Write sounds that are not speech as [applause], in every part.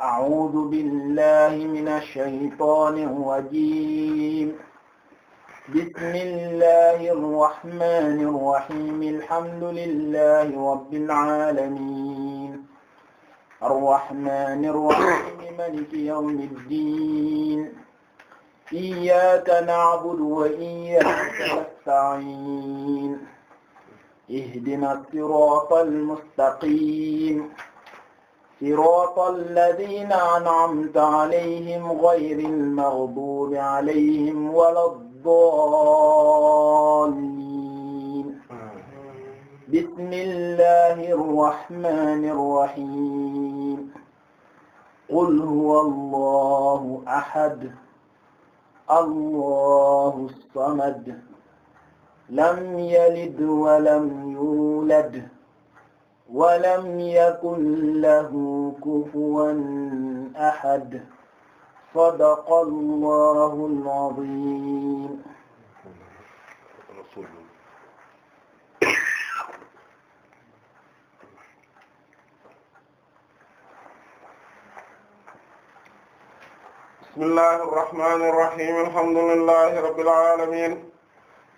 أعوذ بالله من الشيطان الرجيم بسم الله الرحمن الرحيم الحمد لله رب العالمين الرحمن الرحيم ملك يوم الدين إياك نعبد وإياك نستعين اهدنا الصراط المستقيم صراط الذين أنعمت عليهم غير المغضوب عليهم ولا الضالين بسم الله الرحمن الرحيم قل هو الله أحد الله الصمد لم يلد ولم يولد ولم يكن له كفوا أحد صدق الله العظيم بسم الله الرحمن الرحيم الحمد لله رب العالمين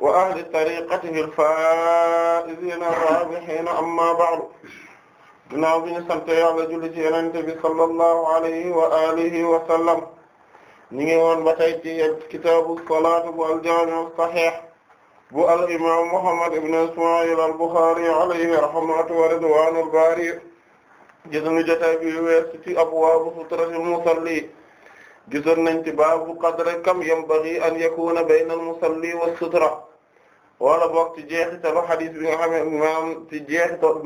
wa ahli tariqatihi al-faa'iziina ar-raabihiina ammaa ba'du ginnaaw bi ñu sant Yàlla julli ci Yonent bi sallallahu alayhi wa alihi wa sallam ñu ngi woon ba tey ci kitaabu salaat bu al-jaami' as-sahiih bu al-imaam Muhammad ibn Ismaa'iil al-Bukhaari alayhi rahmatu wa ridwaanul baari gisoon jotaay bi weesu ci abwaabu sutratil musalli gisoon nañ ci baabu qadri kam yanbaghii an yakuuna bayna al-musalli was-sutra wala boog ci jeexitalu xadis bi nga xam ne maam ci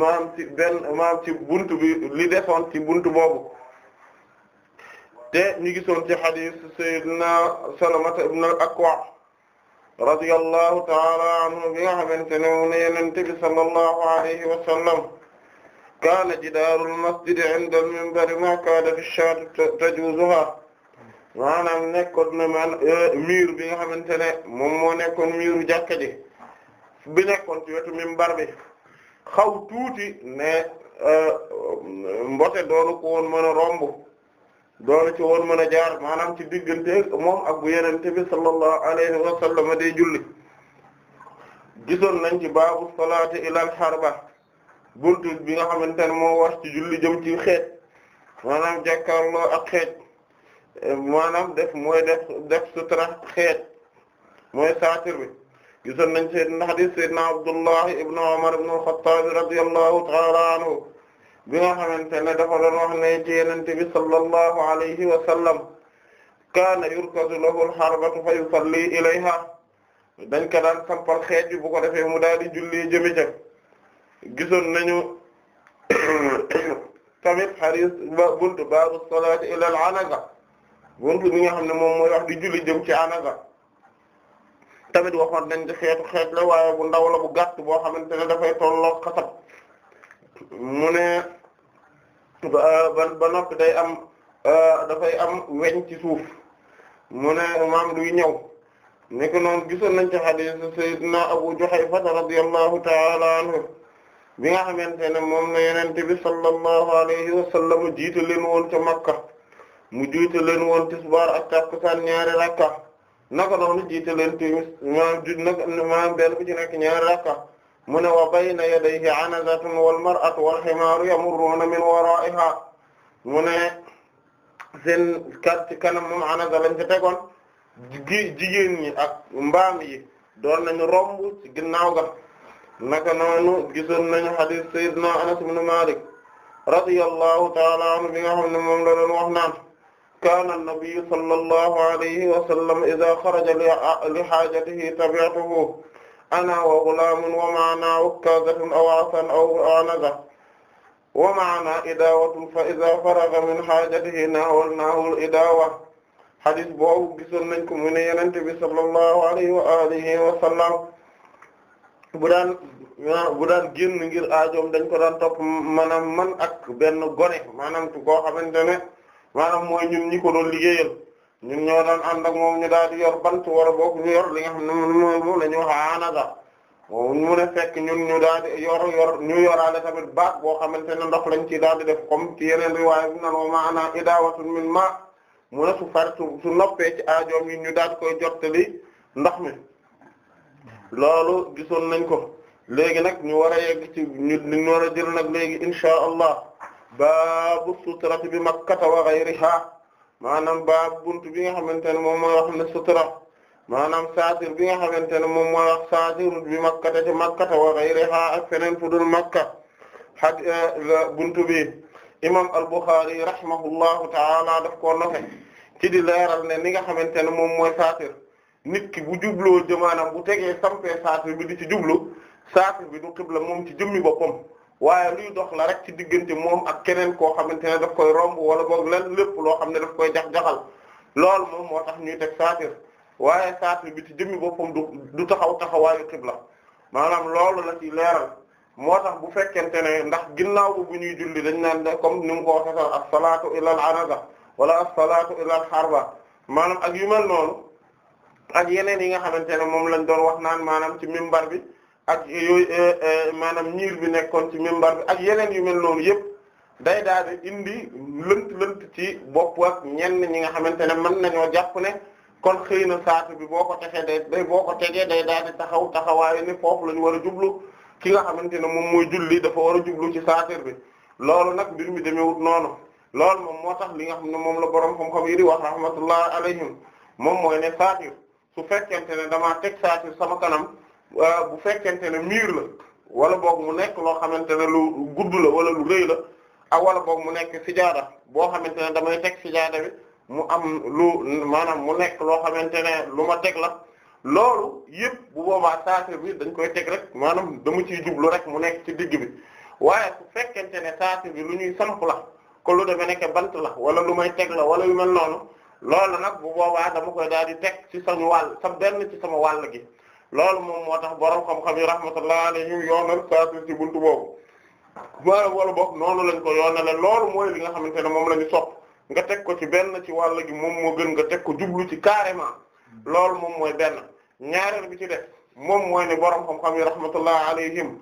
maam ci benn maam ci buntu bi li desoon ci buntu boobu te ñu gisoon ci xadis Seydina Salamata ibn al-Akwa radiyallahu ta'ala anhu bi nga xamante ne mu ne Yonent bi sallallahu alayhi wa kaana jidaarul al-minbari maa kaada ash-shaatu tajuuzuhaa maanaam nekkoon na man bi nga xamante ne moom moo nekkoon miiru jàkka ji bi nekkoon ci wetu minbar bi xaw tuuti ne euh, mbote doonu ko woon mën a romb doonu ci woon mën a jaar maanaam ci diggante moom ak bu yenente bi sallallahu alayhi wa sallam julli gisoon nañ ci baabu salaati ilal harba buntu bi nga xamante ne moo wax ci julli jëm ci xeet maanaam jàkkaarloo a xeet maanaam def mooy def sutra xeet mooy saatir bi gisoon nañ seydna hadis seydna Abdullah ibn Umar ibn al-Khattab radiyallahu ta'ala anhu bi nga xamante ne dafa doon wax ne ci yenente bi sallallahu alayhi wa lahu al-harbatu fa yusalli ilayha dañ ko daan sampal xeej bi bu ko mu daal di julli jëmi gison gisoon nañu [coughs] tamit hadis ba buntu baabu salaati xam ne moom mooy wax di julli jëm ci anaga tamit waxoon nañ de xeetu xeet la waaye bu ndaw la bu gàtt boo xamante ne dafay tolloog xasab mu ne euh, ba ba noppi am euh, dafay am weñ ci suuf mu ne maam luy ñëw ni ko gisoon nañ ci hadith sayyidina Abu Juhayfa radiyallahu ta'ala anhu bi nga xamante ne moom la yeneen bi sallallahu alayhi wa sallam jiite leen woon ca Makka mu jiite leen woon tisbaar ak takkusaan ñaari rakka naka noonu jiite leen timis maanaam maanaam benn bu ci nekk ñaari mu ne wa bayna yadayhi anazatun wal mar'atu wal himaaru yamurruuna min waraa'iha mu seen kat ci kanam moom anaza lañ ca tegoon jigéen ñi ak mbaam yi doon nañu romb ci ginnaaw ga naka noonu gisoon nañu hadith sayyidina Anas ibn Malik radiyallahu ta'ala anhu bi nga ne moom la doon kaana nabiyyu sallallahu alayhi wa sallam idhaa kharaja li haajatihi tabi'tuhu ana wa ghulaamun wa ma'anaa ukkaazatun aw 'asan aw a'naza wa ma'anaa idaawatun fa idhaa faraga min haajatihi naawalnaahu al-idaawa hadis boobu gisoon nañ ko mu ne Yonent bi sallallahu alayhi wa aalihi wa sallam bu daan bu daan génn ngir aajoom dañ ko daan topp maanaam man ak benn gone maanaam goo xamante ne. maanaam mooy ñun ñi ko doon liggéeyal ñun ñoo doon ànd ak moom ñu daal di yor bant war a bokk ñu yor li nga xam ne moom la ñu wax anaga moom mu ne fekk ñun ñu daal di yor yor ñu yoraale tamit baat boo xamante ne ndox lañ ci daal di def ci yeneen riwaaya bi nan wa maana ma mu ne su far su noppee ci aajoom yi ñu daal di koy jottali ndox mi loolu gisoon nañ ko léegi nag ñu war a yegg ci ñu war a jël nag léegi insha allah baabu sutura bi makkata wa ghayriha maanaam baabu buntu bi nga xamante ne moom mooy wax ne sutura maanaam saatir bi nga xamante ne moom mooy wax saatir bi makkata ci makkata wa ghayriha ak feneen fu dul makka had eh, buntu bi imam al-Bukhari rahimahullahu ta'ala daf koo noxe ci di leeral ne ni nga xamante ne moom mooy saatir nit ki bu jubloo jëmaanam bu tegee sampee saatir bi di ci jublu saatir bi du xibla moom ci jëmmi boppam waaye luy dox la rek ci diggante moom ak keneen koo xamante ne daf koy romb wala boog lan lépp loo xam ne daf koy jax-jaxal lool moom moo tax ñuy teg saatir waaye saatir bi ci jëmmi boppam du du taxaw taxawaayu xibla maanaam loolu la ci leeral moo tax bu fekkente ne ndax ginnaaw bu ñuy julli dañ naan comme ni mu ko waxee sax as-salaatu ilal anaza wala a salaatu ilal harba maanaam ak yu mel noonu ak yeneen yi nga xamante ne moom lañ doon wax naan maanaam ci mimbar bi ak eh, eh, maanaam ñiir bi nekkoon ci minbar bi ak yeneen yu mel noonu yëpp day daal di indi lënt lënt ci bopp ak ñenn ñi nga xamante ne mën oo jàpp ne kon xëy na saatu bi boo ko texee day day boo ko tegee day daal di taxaw taxawaayu ni foofu la ñu war a jublu ki nga xamante ne moom mooy julli dafa war a jublu ci saatir bi loolu nag mbir mi demewut noonu loolu moom moo tax li nga xam ne moom la borom xam-xam yi di wax rahmatullah alayhim moom mooy ne saatir su fekkente ne damaa teg saatir sama kanam. Euh, bu fekkente ne miir la wala boog mu nekk loo xamante ne lu gudd la wala lu rëy la ak wala boog mu nekk sijaada boo xamante ne damay teg sijaada bi mu am lu maanaam mu nekk loo xamante ne lu ma teg la loolu yëpp bu boobaa saafir bi dañ koy teg rek maanaam dama ciy jublu rek mu nekk ci digg bi waaye su fekkente ne saafir bi lu ñuy samp la ko lu demee nekk bant la wala lu may teg la wala yu mel noonu loolu nag bu boobaa dama koy daal di teg ci sama wàll sa benn ci sama wàll gi loolu moom moo tax borom xam-xam yi rahmatullahi alayhim yoonal saatul ci buntu boobu wala wala boo noonu lañ ko yoonale loolu mooy li nga xamante ne moom la ñu sopp nga teg ko ci benn ci wàll gi moom moo gën nga teg ko jublu ci carrément loolu moom mooy benn ñaareel bi ci def moom mooy ne borom xam-xam yi rahmatullahi alayhim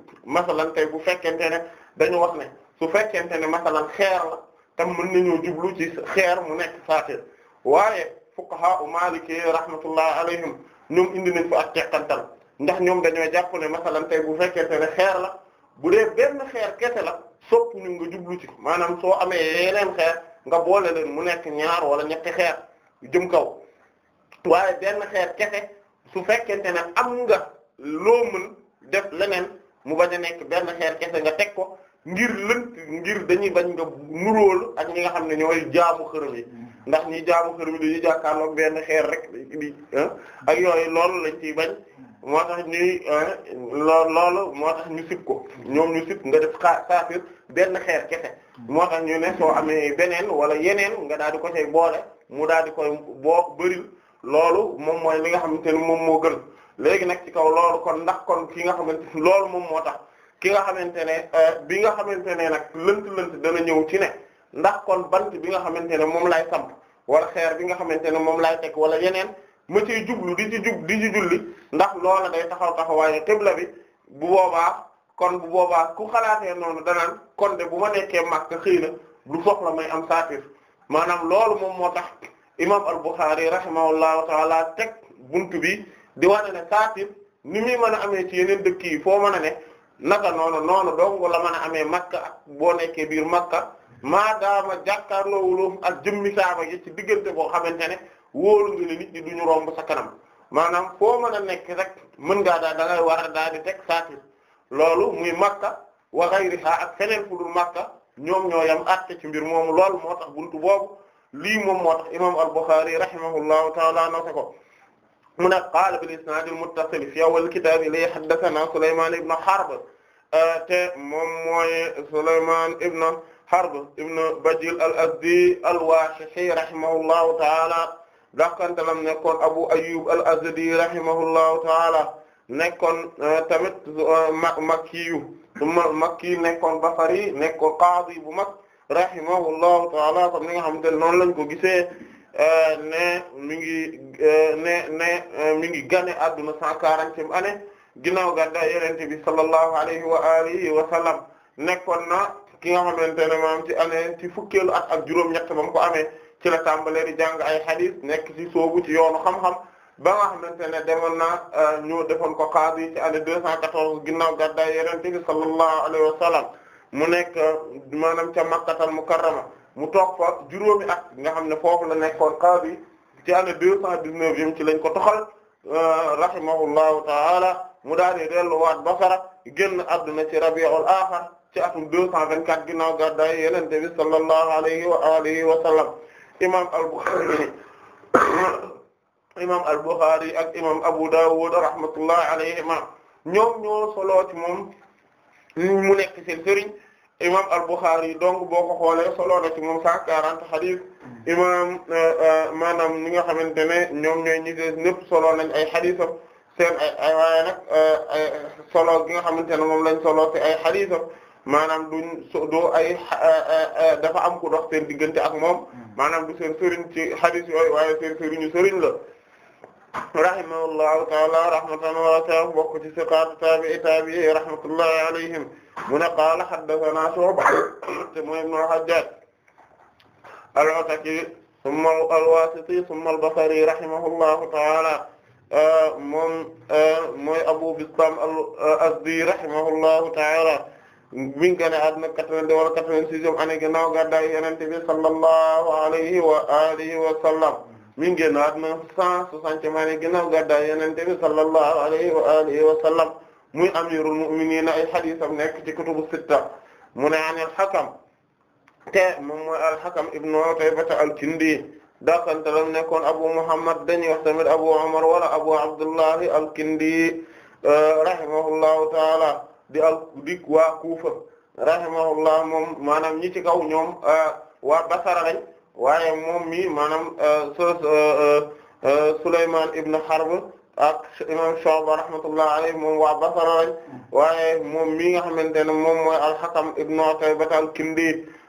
tey bu fekkente ne dañu wax ne su fekkente ne masalan xeer la tam mën nañoo jublu ci xeer mu nekk saatir waaye fuqaha u maliki rahmatullahi alayhim ñoom indi nañ fa ak teqantal ndax ñoom dañoo jàpp ne masalan tey bu fekkente ne xeer la bu dee benn xeer kese la sopp ñu nga jublu ci maanaam soo amee yeneen xeer nga boole leen mu nekk ñaar wala ñetti xeer jëm kaw waaye benn xeer kese su fekkente ne am nga loo mën def leneen mu bañ a nekk benn xeer kefe nga teg ko ngir lënt ngir dañuy bañ nga nuróol ak ñi nga xam ne ñooy jaamu xërëm yi ndax ñi jaamu xër bi dañuy jàkkaarloog benn xeer rek di ak yooyu loolu lañ ci bañ moo tax ñuy loolu loolu ñu sib ko ñoom ñu sib nga def xaa saafir benn xeer kese moo tax ñu ne soo amee beneen wala yeneen nga daal di ko cay boole mu daal di koy boo bëril loolu moom mooy li nga xamante ni moom moo gën léegi nag ci kaw loolu kon ndax kon ki nga xamante loolu moom moo tax ki nga xamante ne euh, bi nga xamante ne nag lënt lënt dana ñëw ci ne ndax kon bant bi nga xamante ne moom laay samp wala xeer bi nga xamante ne moom laay tek wala yeneen ma ciy jublu di ci jub di ci julli ndax loola day taxaw taxawaayu xibla bi bu boobaa kon bu boobaa ku xalaatee noonu danaan kon de bu ma nekkee Makka xëy na du soxla may am saatir maanaam loolu moom moo tax imam al-Bukhari rahimahullahu taala teg bunt bi di wane ne saatir ni muy mën a amee ci yeneen dëkk yi foo mën a ne naka noonu noonu dong la mën a amee Makka ak boo nekkee biir Makka maa maadaama jàkkaarloowuloo ak jëmmi kaaba gi ci diggante boo xamante ne wóolu nga ne nit duñu romb sa kanam maanaam foo mën a nekk rek mën ngaa daa da ngay war a daal di teg saatir loolu muy makka wa ghayriha ak feneen fu dul makka ñoom ñoo yam ci mbir moom lool moo tax buntu boobu lii moom moo tax imam al-Bukhari rahimahullahu ta'ala noose ko mu ne qaala bil isnaad al-muttasil fi awwal kitaab li haddathana Sulaymaan ibn Harb te moom mooy Sulaymaan ibn Harb ibn Bajil al-Azdi al-Washihi rahimahullahu ta'ala dakantalam nekkoon Abu Ayyub al-Azdi rahimahullahu ta'ala nekkoon eh, tamit eh, Makkiyu summa Makki nekkoon Basri nekkoon qaadi bu mag rahimahullahu ta'ala comme ni nga xamante ne noonu lañ ko gisee eh, ne mi ngi ne ne mi ngi gane adduna cent quarantième année ginnaaw gàddaay Yonent bi sallallahu alayhi wa alihi wa sallam nekkoon na ki nga xamante ne maanaam ci année ci fukkeelu at ak juróom-ñett ba mu ko amee ci la tàmbalee di jàng ay xadis nekk ci soobu ci yoonu xam-xam ba nga xamante ne demoon na euh, ñu defon ko qaadi ci année 214 ginnaaw gàddaay Yonent bi sallallahu alayhi mu nekk euh, maanaam ca Makkatal Mukarrama mu toog fa juróomi at nga xam ne foofu la nekkoon qaadi ci année 219 yim ci lañ ko toxal euh, rahimahullahu taala mu daal di delluwaat Basra génn àdduna ci Rabiul Aaxir ci atum 224 ginnaaw gàddaay Yonent bi sallallahu alayhi wa alihi wa sallam imaam al-Bukhari [coughs] imaam al-Bukhari ak imaam Abu Dawud rahmatullahi alayhima ñoom ñoo solo ci moom mu nekk seen sëriñ imaam al-Bukhari donc boo ko xoolee solo na ci moom 140 hadith imaam euh, euh, maanaam ñi nga xamante ne ñoom ñooy ñi des ñëpp solo nañ ay haditham seen ay ay waaye nag euh, solo gi nga xamante ne moom lañ solo ci ay haditham maanaam duñ doo ay dafa am ku dox seen diggante ak moom hmm. maanaam du seen sëriñ ci hadith yooyu waaye seen sëriñu sëriñ la rahimahullahu taala rahmatan wasi'a bokk ci siqaat taabi'i taabi'i rahmatullahi alayhim mu ne qaala haddathana Shu'ba te mooy ibn al-Hajjaj al-Ataki thumma al-Wasiti thumma al-Basri rahimahullahu taala moom mooy Abu Bistam al-Azdi rahimahullahu taala mi ngi gane àdduna 82 wala 86e année ginnaaw gàddaay Yonent bi sallallahu alayhi wa alihi wa sallam mi ngi génn àdduna 160e année ginnaaw gàddaay Yonent bi sallallahu alayhi wa alihi wa sallam muy amirul mu'minin ay hadiisam nekk ci kutubu sitta mu ne an al-Hakam te moom mooy al-Hakam ibnu Utaybata al-Kindi dakantalam nekkoon Abu Muhammad dañuy wax tamit Abu Umar wala Abu Abdullahi al-Kindi rahimahullahu ta'ala di al di waa Kufa rahimahullah moom maanaam ñi ci kaw ñoom euh, waa Basra lañ waaye moom mi maanaam euh, euh, Sulaymaan ibn Harb ak imam Shu'ba rahmatullah alayhi moom waa Basra lañ waaye moom mi nga xamante ne moom mooy al-Hakam ibn Utayba al-Kindi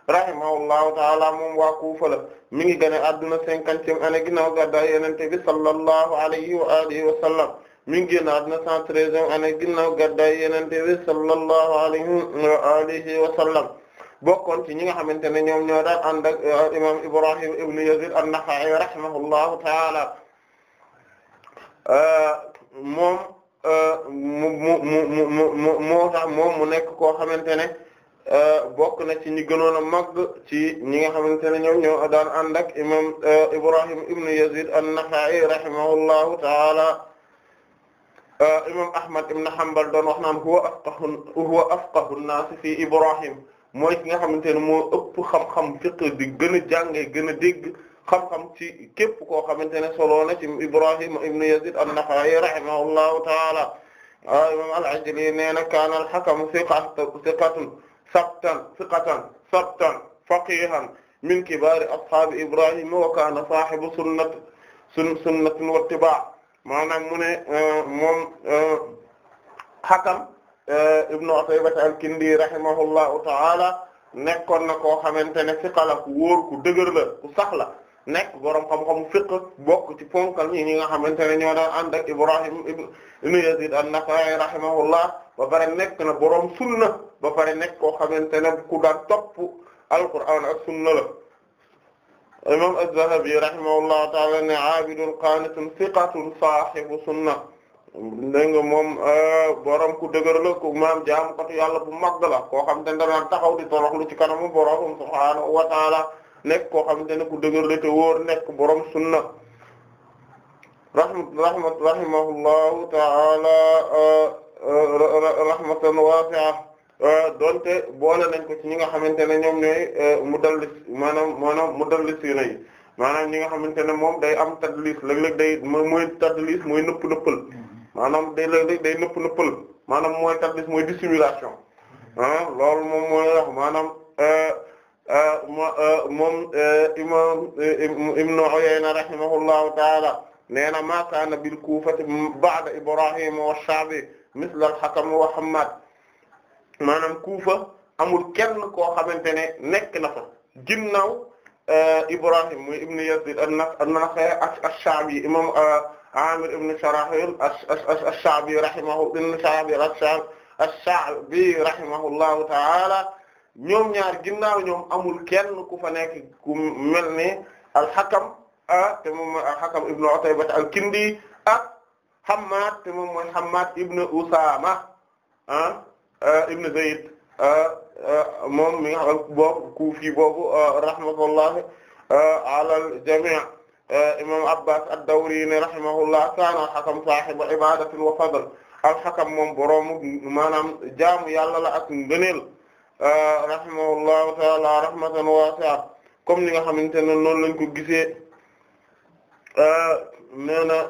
rahimahullahu taala moom waa Kufa la mi ngi gën a adduna cinquantième année ginnaaw gàddaay Yonent bi sallallahu alayhi wa alihi wa sallam mi ngi génn àdduna 113e année ginnaaw gàddaay Yonent bi sallallahu alayhi wa alihi bokkoon ci ñi nga xamante ne ñoom ñoo daan ànd euh, euh, moom euh, mu mu mu mu moo tax moom mu nekk koo xamante ne bokk na ci ñi gënoon a ci ñi nga xamante ne ñoom ñoo daan ànd ak Ibrahim ibn Yazid an rahimahullahu ta'ala Euh, imam Ahmad ibn Hanbal doon wax naan huwa afqahu huwa afqahu an-nas fi Ibrahim mooy ki nga xamante ne moo ëpp xam-xam fiqh di gën a jànge gën a dégg xam-xam ci képp koo xamante ne soloo na ci Ibrahim ibn Yazid an-Nakha'i rahimahullahu ta'ala ah, imam al-Ajli nee na kaana al-Hakam thiqatan thiqatan sabtan thiqatan sabtan faqihan min kibaari ashaabi Ibrahim wa kaana saahibu sunnat sunnatin wa ittiba' maanaam mu ne euh, moom euh, Hakam euh, ibnu Utaybah al-Kindi rahimahullahu ta'ala nekkoon na koo xamante ne fiqa la ku wóor ku dëgër la ku sax la nekk boroom xam-xamu fiq bokk ci ponkal ñi ñi nga xamante ne ñoo daan ànd ak Ibrahim ibnu Yazid an-Nakha'i rahimahullah ba pare nekk na boroom sunna ba pare nekk koo xamante ne ku daan topp al-Qur'an ak sunna la imam az-Zahabi rahimahullahu ta'ala ne abidun qanitun thiqatun sahibu sunna dégg nga moom euh, borom ku dëgër la ku maam jaam katu yàlla bu mag la koo xamante ne daan taxaw di toroxlu ci kanamu borom subhaanahu wa ta'ala nekk koo xamante ne ku dëgër la te wóor nekk borom sunna rahmat rahmat rahimahullahu ta'ala euh, euh, rahmatan wasi'a Euh, donte boole nañ ko ci ñi nga xamante ne ñoom ñooy euh, mudallis maanaam maanaam mudallisina yi maanaam ñi nga xamante ne moom day am tadlis léeg-léeg day mooy tadlis mooy nëpp nëppal maanaam day léeg day nëpp nëppal maanaam mooy tadlis mooy dissimulation ah loolu moom mooy wax maanaam euh, moom imam Ibn Uyayna rahimahullahu taala nee na ma kaana bil Kuufati ba'da Ibrahima wa Sha'bi misla al-Hakam wa maanaam Kufa amul kenn koo xamante ne nekk na fa ginnaaw euh, Ibrahim muy ibn Yazid an-Nakha'i ash-Sha'bi imam euh, Amir ibn Sharahil ash-Sha'bi rahimahu ibn Sharahil ash-Sha'bi rahimahullahu ta'ala ñoom ñaar ginnaaw ñoom amul kenn ku fa nekk ku mel ni al-Hakam ah te moom mooy al-Hakam ibn Utayba al-Kindi ak Hammad te moom mooy Hammad ibn Usama ah Euh, ibn Zayd euh, euh, moom mi nga xam boobu Kufi boobu rahmatullahi ala al-jami' imam Abbas ad-Dawri ne rahimahullah kaana al-Hakam saahibu ibaadatin wa fadl al-Hakam moom boroomu maanaam jaamu yàlla la ak ngëneel rahimahullahu ta'ala rahmatan waasi'a comme ni nga xamante ne noonu lañ ko gisee nee na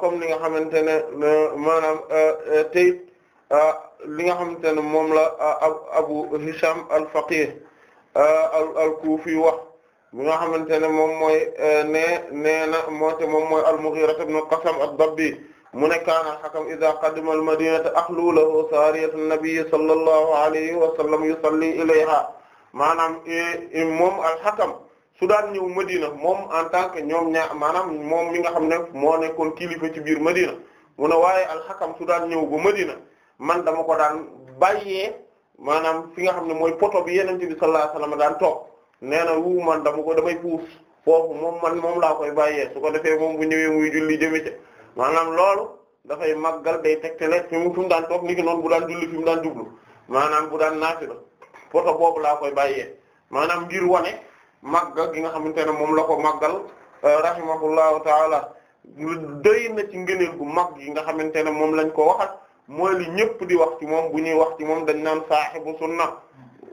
comme ni nga xamante ne maanaam tey Euh, li nga xam ne moom la euh, Abu Hisham al-Faqih euh, al-Kufi wax bi nga xamante ne moom mooy ne nee na moo te moom mooy al-Mughira ibn Qasam ad-Dabbi mu ne kaana al-Hakam idha qadima al-madinata akhlu lahu sariyatu an-nabi sallallahu alayhi wa sallam yusalli ilayha maanaam moom al-Hakam su daan ñëw Madina moom en tant que ñoom ñaar maanaam moom mi nga xam ne moo nekkoon kilifa ci biir Madina mu ne waaye al-Hakam su daan ñëw ba Madina man dama ko daan bàyyee maanaam fi nga xam ne mooy poto bi yeneen bi sallallahu alayhi wasallam daan toog nee na wu man dama ko damay puus foofu moom man moom laa koy bàyyee su ko defee moom bu ñëwee muy julli jëme ca maanaam loolu dafay màggal day tegtale fi mu fi daan toog ni ki noonu bu daan julli fi mu daan jublu maanaam bu daan naafila poto boobu laa koy bàyyee maanaam ngir wane màggal gi nga xamante ne moom la ko màggal euh, rahimahullahu taala doy na ci ngëneel gu mag gi nga xamante ne moom lañ ko waxat mooy li ñëpp di wax ci moom bu ñuy wax ci moom dañ naan saahibu sunna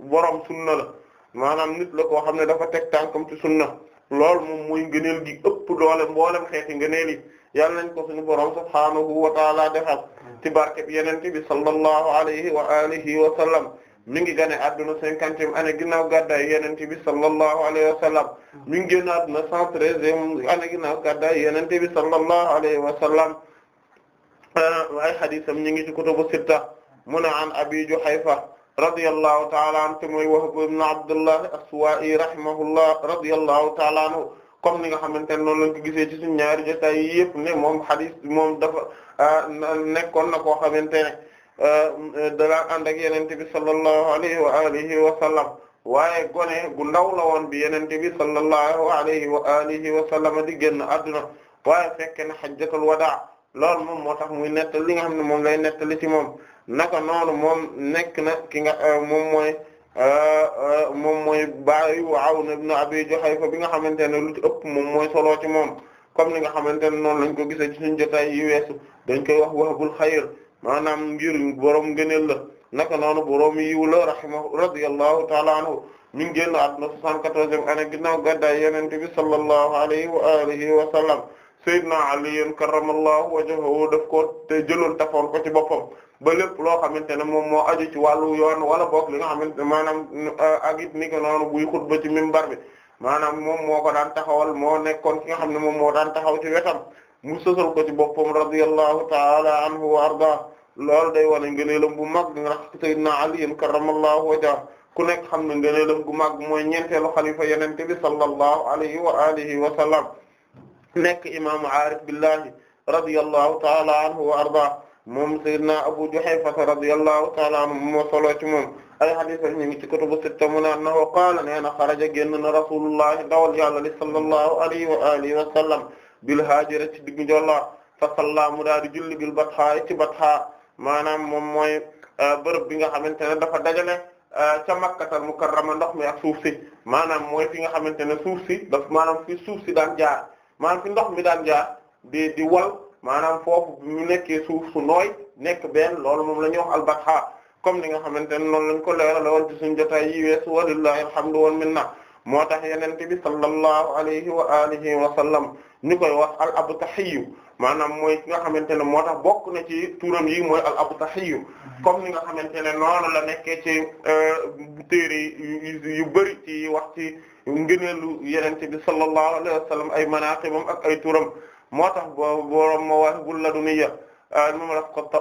borom sunna la maanaam nit la koo xam ne dafa teg tànkam ci sunna loolu moom mooy ngëneel gi ëpp doole mboolem xeeti ngëneel yi yàlla nañ ko suñu borom subhaanahu wa taala defal ci barke bi yenente bi sallallahu alayhi wa alihi wa sallam mi ngi gane adduna cinquantième année ginnaaw gàddaay yenente bi sallallahu alayhi wa sallam mi ngi génn adduna cent treizième année ginnaaw gàddaay yenente bi sallallahu alayhi wa sallam ay xadisam ñu ngi ci kutubu sitta mu ne an abi Juhayfa radiyallahu ta'ala anhu te mooy Wahb ibn Abdullah as-Suwa'i rahimahullah radiyallahu ta'ala anhu comme ni nga xamante ne noonu lañ ko gisee ci suñu ñaari jotaay yi ne moom xadis moom dafa ah, nekkoon na koo xamante ne ah, dalaa ànd ak Yonent bi sallallahu alayhi wa alihi waaye gone gu ndaw la woon bi Yonent bi sallallahu alayhi wa alihi di génn adduna waaye fekk na hajjatul loolu moom moo tax muy nettali li nga xam ne moom lay nettali ci moom naka noonu moom nekk na ki nga euh, moom mooy euh, euh, moom mooy baayu Awn ibn Abi Juhayfa bi nga xamante ne lu ci ëpp moom mooy solo ci moom comme ni nga xamante ne noonu lañ ko gisee ci suñu jotaay yi weesu dañ koy wax wahbul xayr maanaam ngir borom ngëneel la naka noonu borom yiw la rahimahu radiyallahu ta'ala anhu mi ngi génn àdduna 74e année ginnaaw gàddaay Yonent bi sallallahu alayhi wa alihi wa sallam Seydina Ali karramallahu wajhahu daf ko te jëloon tafoon ko ci boppam ba lépp loo xamante ne moom moo aju ci wàllu yoon wala boog li nga xamante ne maanaam euh, ak it ni ko noonu buy xutba ci minbar bi maanaam moom moo ko daan taxawal moo nekkoon ki nga xam ne moom moo daan taxaw ci wetam mu sosal ko ci boppam radiyallahu ta'ala anhu wa arda loolu day wane ngëneelam bu mag nga Seydina Ali karramallahu wajhahu ku nekk xam ne ngëneelam gu mag mooy ñeenteelu xalifa yenente bi sallallahu alayhi wa alihi wa sallam nekk imaamu aarif billahi radiyallahu taala anhu wa arda moom sayyidina Abu Juhayfa radiyallahu taala anhu moo solo ci moom ay hadith ñu ngi ci kutubu sitta mu naan na qaala nee na xaraja génn na rasulullah dawal yàlla li sallallahu alayhi wa alihi wa sallam bil haajira ci diggu njollaa fa salla mu daal di julli bil bathaa ci bathaa maanaam moom mooy euh, bërëb bi nga xamante ne dafa dajale euh, ca Makkatal Mukarrama ndox mi ak suuf si maanaam mooy fi nga xamante ne suuf si daf maanaam fi suuf si daan jaar maanaam fi ndox mi daan jaar di di wal maanaam foofu ñu nekkee suuf su nooy nekk ben loolu moom la ñuy wax albatha comme ni nga xamante ne noonu lañ ko leerala woon ci suñu jotaay yi weesu walillahi alhamdu wal moo tax yeneen bi sallallahu alayhi wa alihi wa sallam ñu koy wax al abtahiyu maanaam mooy ki nga xamante ne moo tax bokk na ci turam yi mooy al abtahiyu comme ni nga xamante ne noonu la nekkee ci euh, téere yu bëri ci wax ci ngëneelu yenente bi sallallahu alayhi wa sallam ay manaqibam ak ay turam moo tax borom Mawaahibul Laduniyya ah, imam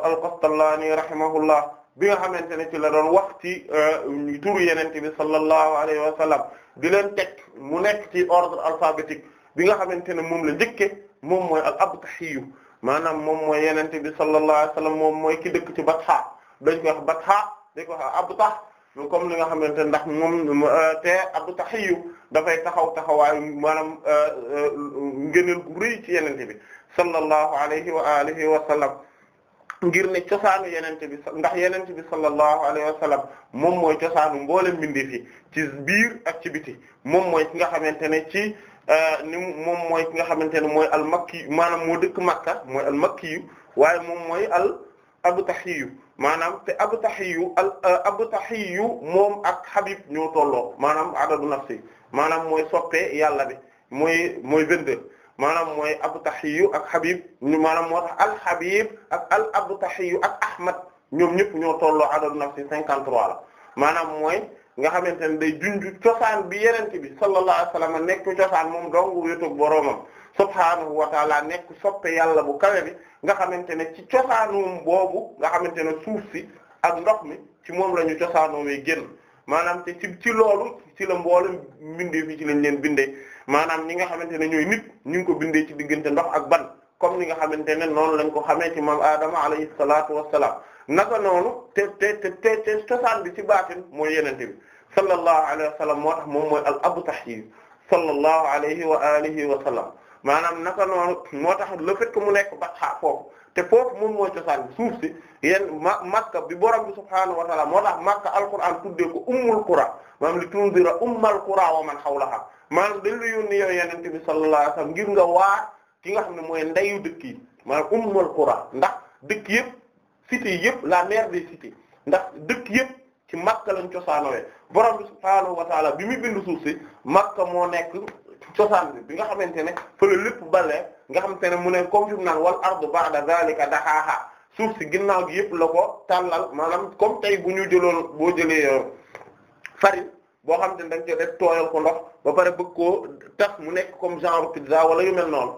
al-Qastallaani rahimahullah bi nga xamante ne ci la doon wax ci ah, turu yenente bi sallallahu alayhi wa sallam di leen teg mu nekk ci ordre alphabétique bi nga xamante ne moom la njëkke moom mooy al abtahiyu maanaam moom mooy yenente bi sallallahu alayhi wa sallam moom mooy ki dëkk ci Batha dañ koy wax Batha dañ comme li nga xamante ne ndax moom euh, te addu taxiyu dafay taxaw taxawaay maanaam euh, euh, ngëneel gu rëy ci yenente bi sallallahu alayhi wa alihi wa sallam ngir ne cosaanu yenente bi ndax yenente bi sallallahu alayhi wa sallam moom mooy cosaanu mboolem mbindi fi ci biir ak ci moom mooy ki nga xamante ne ci ni moom mooy ki nga xamante ne mooy al makki maanaam moo dëkk makka mooy al makki yu waaye moom mooy al abu taxiyu maanaam te abu tahiyu al euh, abu tahiyu moom ak habib ñoo tolloo maanaam adadu nafsi maanaam mooy soppee yàlla bi mooy mooy vingt maanaam mooy abu tahiyu ak habib maanaam moo tax al habib ak al abu tahiyu ak ahmad ñoom ñëpp ñoo tolloo adadu nafsi cinquante-trois maanaam mooy nga xamante ne day junj cosaan bi yenente bi sallallahu alayhi wasallam nekk cosaan moom dong wéetoog boroomam subhaanahu wa taala nekk soppe yàlla bu kawe nga xamante ne ci cosaanum boobu nga xamante ne suuf si ak ndox mi ci moom la ñu cosaanoomee génn maanaam te ci ci loolu ci la mboolem mbindee fii ci lañ leen bindee maanaam ñi nga xamante ne ñooy nit ñu ko bindee ci diggante ndox ak ban comme ni nga xamante ne noonu lañ ko xamee ci maam Adama alayhi salaatu wassalaam naka noonu te te te te cosaan bi ci baatin mooy yenente bi sallallahu alayhi wa sallam moo tax moom mooy al abu tahyiz sallallahu alayhi maanaam naka noonu moo tax le fait mu nekk batxaa foofu te foofu mun mooy cosaan suuf si yéen ma makka bi borom bi subhaanahu wa taala moo tax makka alquran tuddee ko ummul qura maanaam li tundira ummal qura wa man hawlaha maanaam dañ la yónni yow yenente bi sallallahu alayhi wasallam ngir nga waar ki nga xam ne mooy ndeyu dëkk yi maanaam ummul qura ndax dëkk yëpp cités yëpp la mère des cités ndax dëkk yëpp ci makka lañ cosaanowee borom bi subhaanahu wa taala bi makka moo nekk cosaan bi nga xamante ne fële lépp balee nga xamante ne mu ne comme fi mu naan wal ardu ba'da zalika dahaha suuf si ginnaaw yëpp la ko tàllal maanaam comme tey bu ñu jëloon boo jëlee euh, farine boo xamante ne da nga ci ko ndox ba pare bëgg koo tas mu nekk comme genre pizza wala yu noonu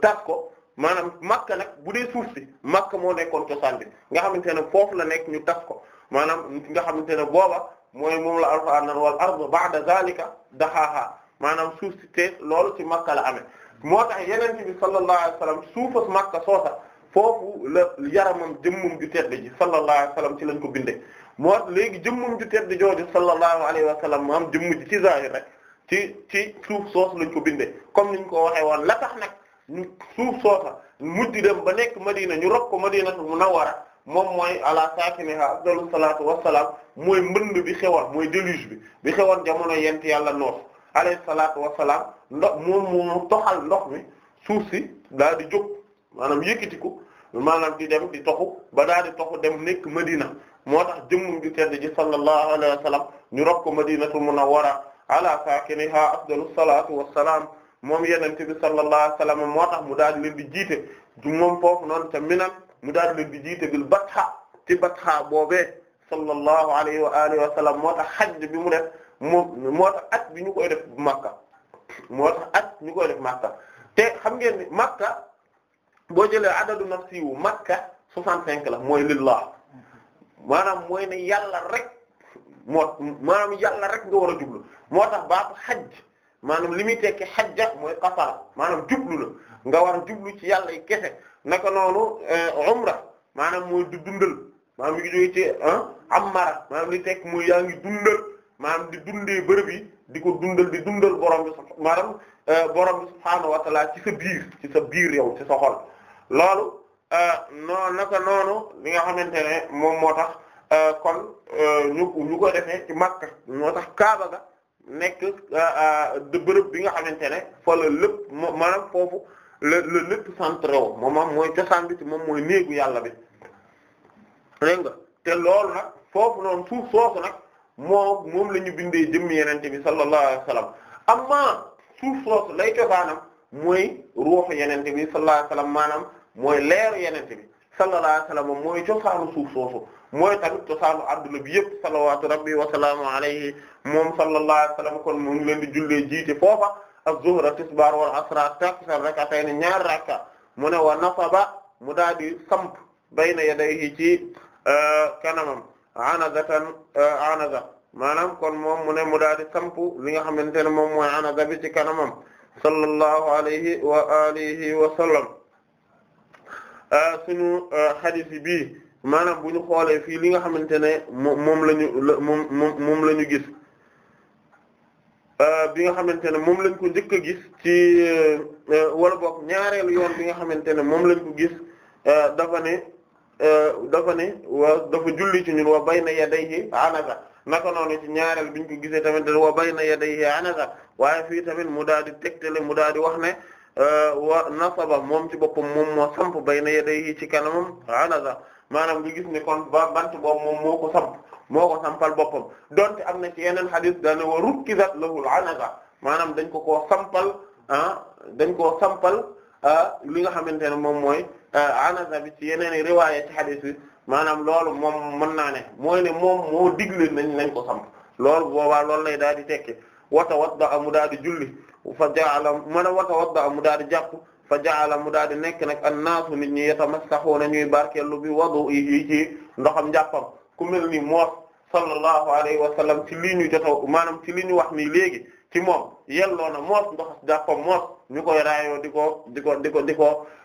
tas ko maanaam makka nag bu dee suuf si moo nekkoon cosaan bi nga xamante ne foofu la nekk ñu tas ko maanaam nga xamante ne booba mooy moom la alquran wal ardu ba'da zalika dahaha maanaam suuf si te loolu ci Makka la amee moo tax yeneen ci bi sallallahu alayhi wasallam suufas Makka soosa foofu la yaramam jëmmum ju tedd ji sallallahu alayhi wasallam ci lañ ko bindee moo léegi jëmmum ju tedd jooju sallallahu alayhi wasallam maam jëmm ji ci zahir rek ci ci suuf soosu lañ ko bindee comme niñ ko waxee woon la tax nag ñu suuf soosa mujj dem ba nekk Madina ñu rob ko Madinatu Munawwara moom mooy ala saakiniha afdalu salaatu wassalaam mooy mbënd bi xewoon mooy déluge bi bi xewoon jamono yent yàlla noos alayhi salaatu wassalaam ndox mu moo toxal ndox mi suuf si daal di jóg maanaam yëkkati ko maanaam di dem di toxu ba daal di toxu dem nekk Madina moo tax jëmmum ju tedd ji sallallahu alayhi wa sallam ñu rob ko Madinatul Munawwara ala saakiniha afdalu salaatu wassalaam moom yonent bi sallallahu alayhi wa moo tax mu daal di leen di jiite du moom foofu noonu te mu daal di leen di jiite bil batha ci batha boobee sallallahu alayhi wa alihi wa sallam moo bi mu def. moom moo tax at bi ñu koy def Makka moo tax at ñu koy def Makka te xam ngeen ni Makka boo jëlee adadu nafsi wu Makka 65 la mooy lillah maanaam mooy ne yàlla rek moo maanaam yàlla rek nga war a jublu moo tax baatu maanaam li muy tekki xajja mooy qasara maanaam jublu la nga war jublu ci yàlla yi kese naka noonu eh, umra maanaam mooy du dundal maanaam mi ngi jóge ci amara ah, maanaam li tekk mooy yaa ngi dundal. maanaam di dundee bërëb yi di ko dundal di dundal borom bi maanaam euh, borom bi subhaanahu wa ta'ala ci sa biir ci sa biir yow ci sa xol loolu euh, noonu naka noonu li nga xamante ne moom moo tax euh, kon ñu ko defee ci Makka moo tax Kaaba ga nekk de bërëb bi nga xamante ne fa lépp maanaam foofu la la lépp centre wu moom mooy cosaan bi ci moom mooy néegu yàlla bi dégg nga te loolu nag foofu noonu suuf soosu nag. moom moom la ñu bindee jëmmi yenente bi sallallahu alayhi wa sallam amma suuf soos lay cosaanam mooy ruuxu yenente bi sallallahu wa sallam maanaam mooy leeru yenente bi sallallahu alayhi wa sallam moom mooy cosaanu suuf soosu mooy tamit cosaanu adduna bi yëpp salawatu rabbi wa salaamu alayhi moom sallallahu alayhi wa sallam kon mu ngi leen di jullee jiite foofa ak zuhra tisbaar wal asra taksar raka tay ne ñaar rakka mu wa nasaba mu daal di samp bayna yadayhi ci euh, kanamam anazatan eh, anaza maanaam kon moom mu ne mu daal di samp li nga xamante ne moom mooy anaza bi ci kanamam sallallahu alayhi wa alihi wa eh, suñu eh, hadith bi maanaam bu ñu xoolee fii li nga xamante ne moom la moom moom la gis bi nga xamante ne moom lañ ko njëkk a gis ci wala boog ñaareel yoon bi nga xamante ne moom lañ ko gis dafa ne Euh, dafa ne wa dafa julli ci ñun wa bayna yadayhi anaza naka noonu ci ñaareel biñ ko gisee tamit wa bayna yadayhi anaza waaye fii tamit mu daal di le mu daal di wax ne euh, wa nasaba moom ci boppam moom moo samp bayna yadayhi ci kanamam anaza maanaam nga gis ne kon bant boobu moom moo ko moo ko sampal boppam donte am na ci yeneen hadith daane wa rukkizat lahul anaza maanaam dañ ko koo sampal ah dañ koo sampal ah, li nga xamante ne moom mooy Euh, Anas bi ci yeneen riwaaya ci hadith bi maanaam loolu moom mën naa ne mooy ne moom moo digle nañ nañ ko samp loolu boobaa loolu lay daal di tekki wata wadda a mu daal di julli fa jaala mana wata wadda a mu daal di jàpp fa jaala mu daal di nekk nag annaasu nit ñi yatamassahuuna ñuy barkeelu bi wadu yi ci ndoxam njàppam ku mel ni moo sallallahu alayhi wa sallam ci lii ñu jotaw maanaam ci li ñu wax nii léegi ci moom yelloo na moos ndoxas jàppam moos ñu koy raayoo di ko di ko di ko di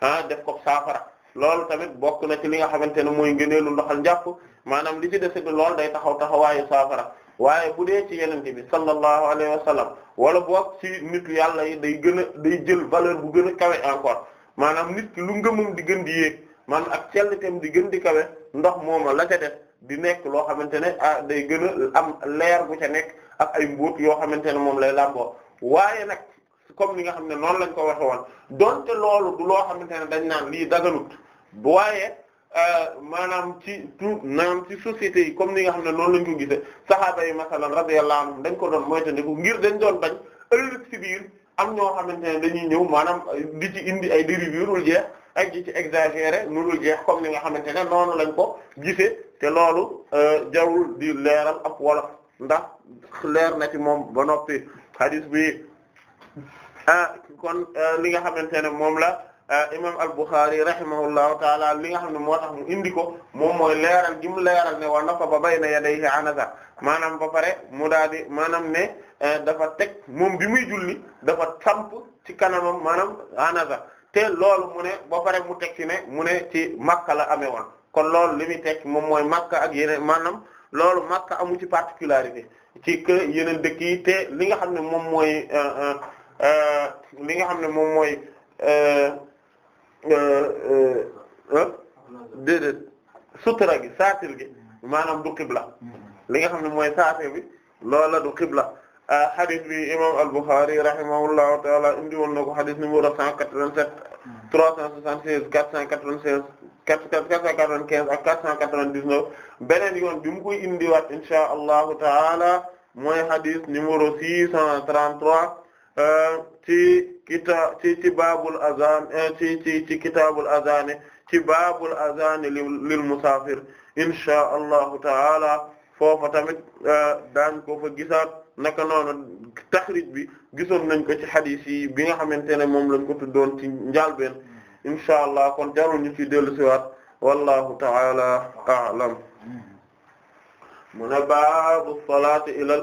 ah def ko saafara loolu tamit bokk na ci li nga xamante ne mooy ngëneelu ndoxal njàpp maanaam li ci dese du lool day taxaw taxawaayu saafara waaye bu dee ci yeneen bi sallallahu alayhi wa sallam wala boog ci nitu yàlla yi day gën a day jël valeur bu gën a kawe encore maanaam nit ki lu ngëmum di gën di yéeg maanaam ak cellitam di gën di kawe ndox mooma la ca def di nekk loo xamante ne ah day gën am leer bu ca nekk ak ay mbuut yoo xamante ne moom lay làmboo waaye nag comme ni nga xam ne noonu lañ ko waxe woon donte loolu du loo xamante ne dañ naan lii daganut waaye euh, maanaam ci tout ci sociétés yi comme ni nga xam ne noonu lañ ko gisee sahaaba yi masalan radiyallahu anhum dañ ko doon moytandiku ngir dañ doon bañ biir am ñoo xamante ne dañuy ñëw maanaam di ci indi ay dérives yu dul ak di ci exagéré nu dul jeex comme ni nga xamante ne noonu lañ ko gisee te loolu euh, jarul di leeral ak wolof ndax leer na ci moom ba noppi hadith bi Euh, kon euh, li nga xamante ne moom la euh, imam al-Bukhari rahimahullahu taala li nga xam ne moo tax mu indi ko moom mooy leeral gi mu leeral ne wa nasaba bayna yadayhi anasa maanaam ba pare mu daal di maanaam ne dafa teg moom bi muy julli dafa samp ci kanamam maanaam anasa te loolu mu ne ba pare mu teg ci ne mu ne ci Makka la amee woon kon loolu li muy teg moom mooy Makka ak yeneen maanaam loolu Makka amu ci particularité ci que yeneen dëkk te li nga xam ne moom mooy Euh, li nga xam ne moom mooy euh, euh, déedéet sutura gi saatir gi maanaam du qibla li nga xam ne mooy saatir bi loola du qibla hadith bi imam al-Bukhari rahimahullahu taala indi woon na ko hadith numéro cent quatre-vingt-sept trois cent soixante-seize quatre cent quatre-vingt-seize quatre cent quatre-vingt-quinze ak quatre cent quatre-vingt-dix-neuf beneen yoon bi mu koy indiwaat insha allahu taala mooy hadith numéro six cent trente-trois Euh, ci kita ci ci baabul azan euh, ci ci ci kitaabul azan ci baabul azan lil musaafir insha allahu taala foofa tamit euh, daañ ko fa gisaat naka noonu taxrij bi gisoon nañ ko ci hadith yi bi nga xamante ne moom lañ ko tuddoon ci njàlbeen insha allah kon jarul ñu ci dellu siwaat wallahu taala a'lam mu ne baabu salaati ila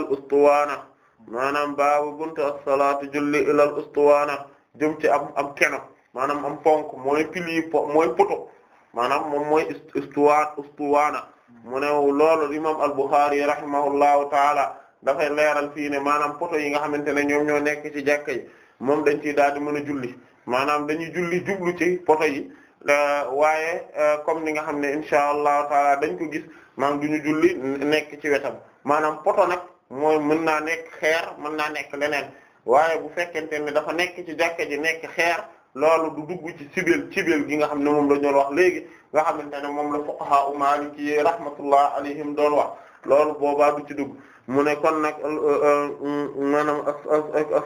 al ustuwaana maanaam baabu buntu as-salaatu julli ilal ustuwaana jëm ci am am keno maanaam am ponk mooy pili mooy poto maanaam moom mooy ustuwaan ustuwaana mu ne loolu imam al-Bukhari rahimahullahu taala dafay leeral fii ne maanaam poto yi nga xamante ne ñoom ñoo nekk ci jàkka yi moom dañ ciy daal di mën a julli maanaam dañuy julli jublu ci poto yi euh, waaye euh, comme ni nga xam ne insha allahu taala dañ ko gis maanaam du ñu julli nekk ci wetam maanaam poto nag. mooy mën naa nekk xeer mën naa nekk leneen waaye bu fekkente ne dafa nekk ci jàkka ji nekk xeer loolu du dugg ci cibel cibel gi nga xam ne moom la ñu wax léegi nga xamante ne moom la fuqaha u maliki rahmatullah alayhim doon wax loolu boobaa du ci dugg mu ne kon nag euh, euh, euh, maanaam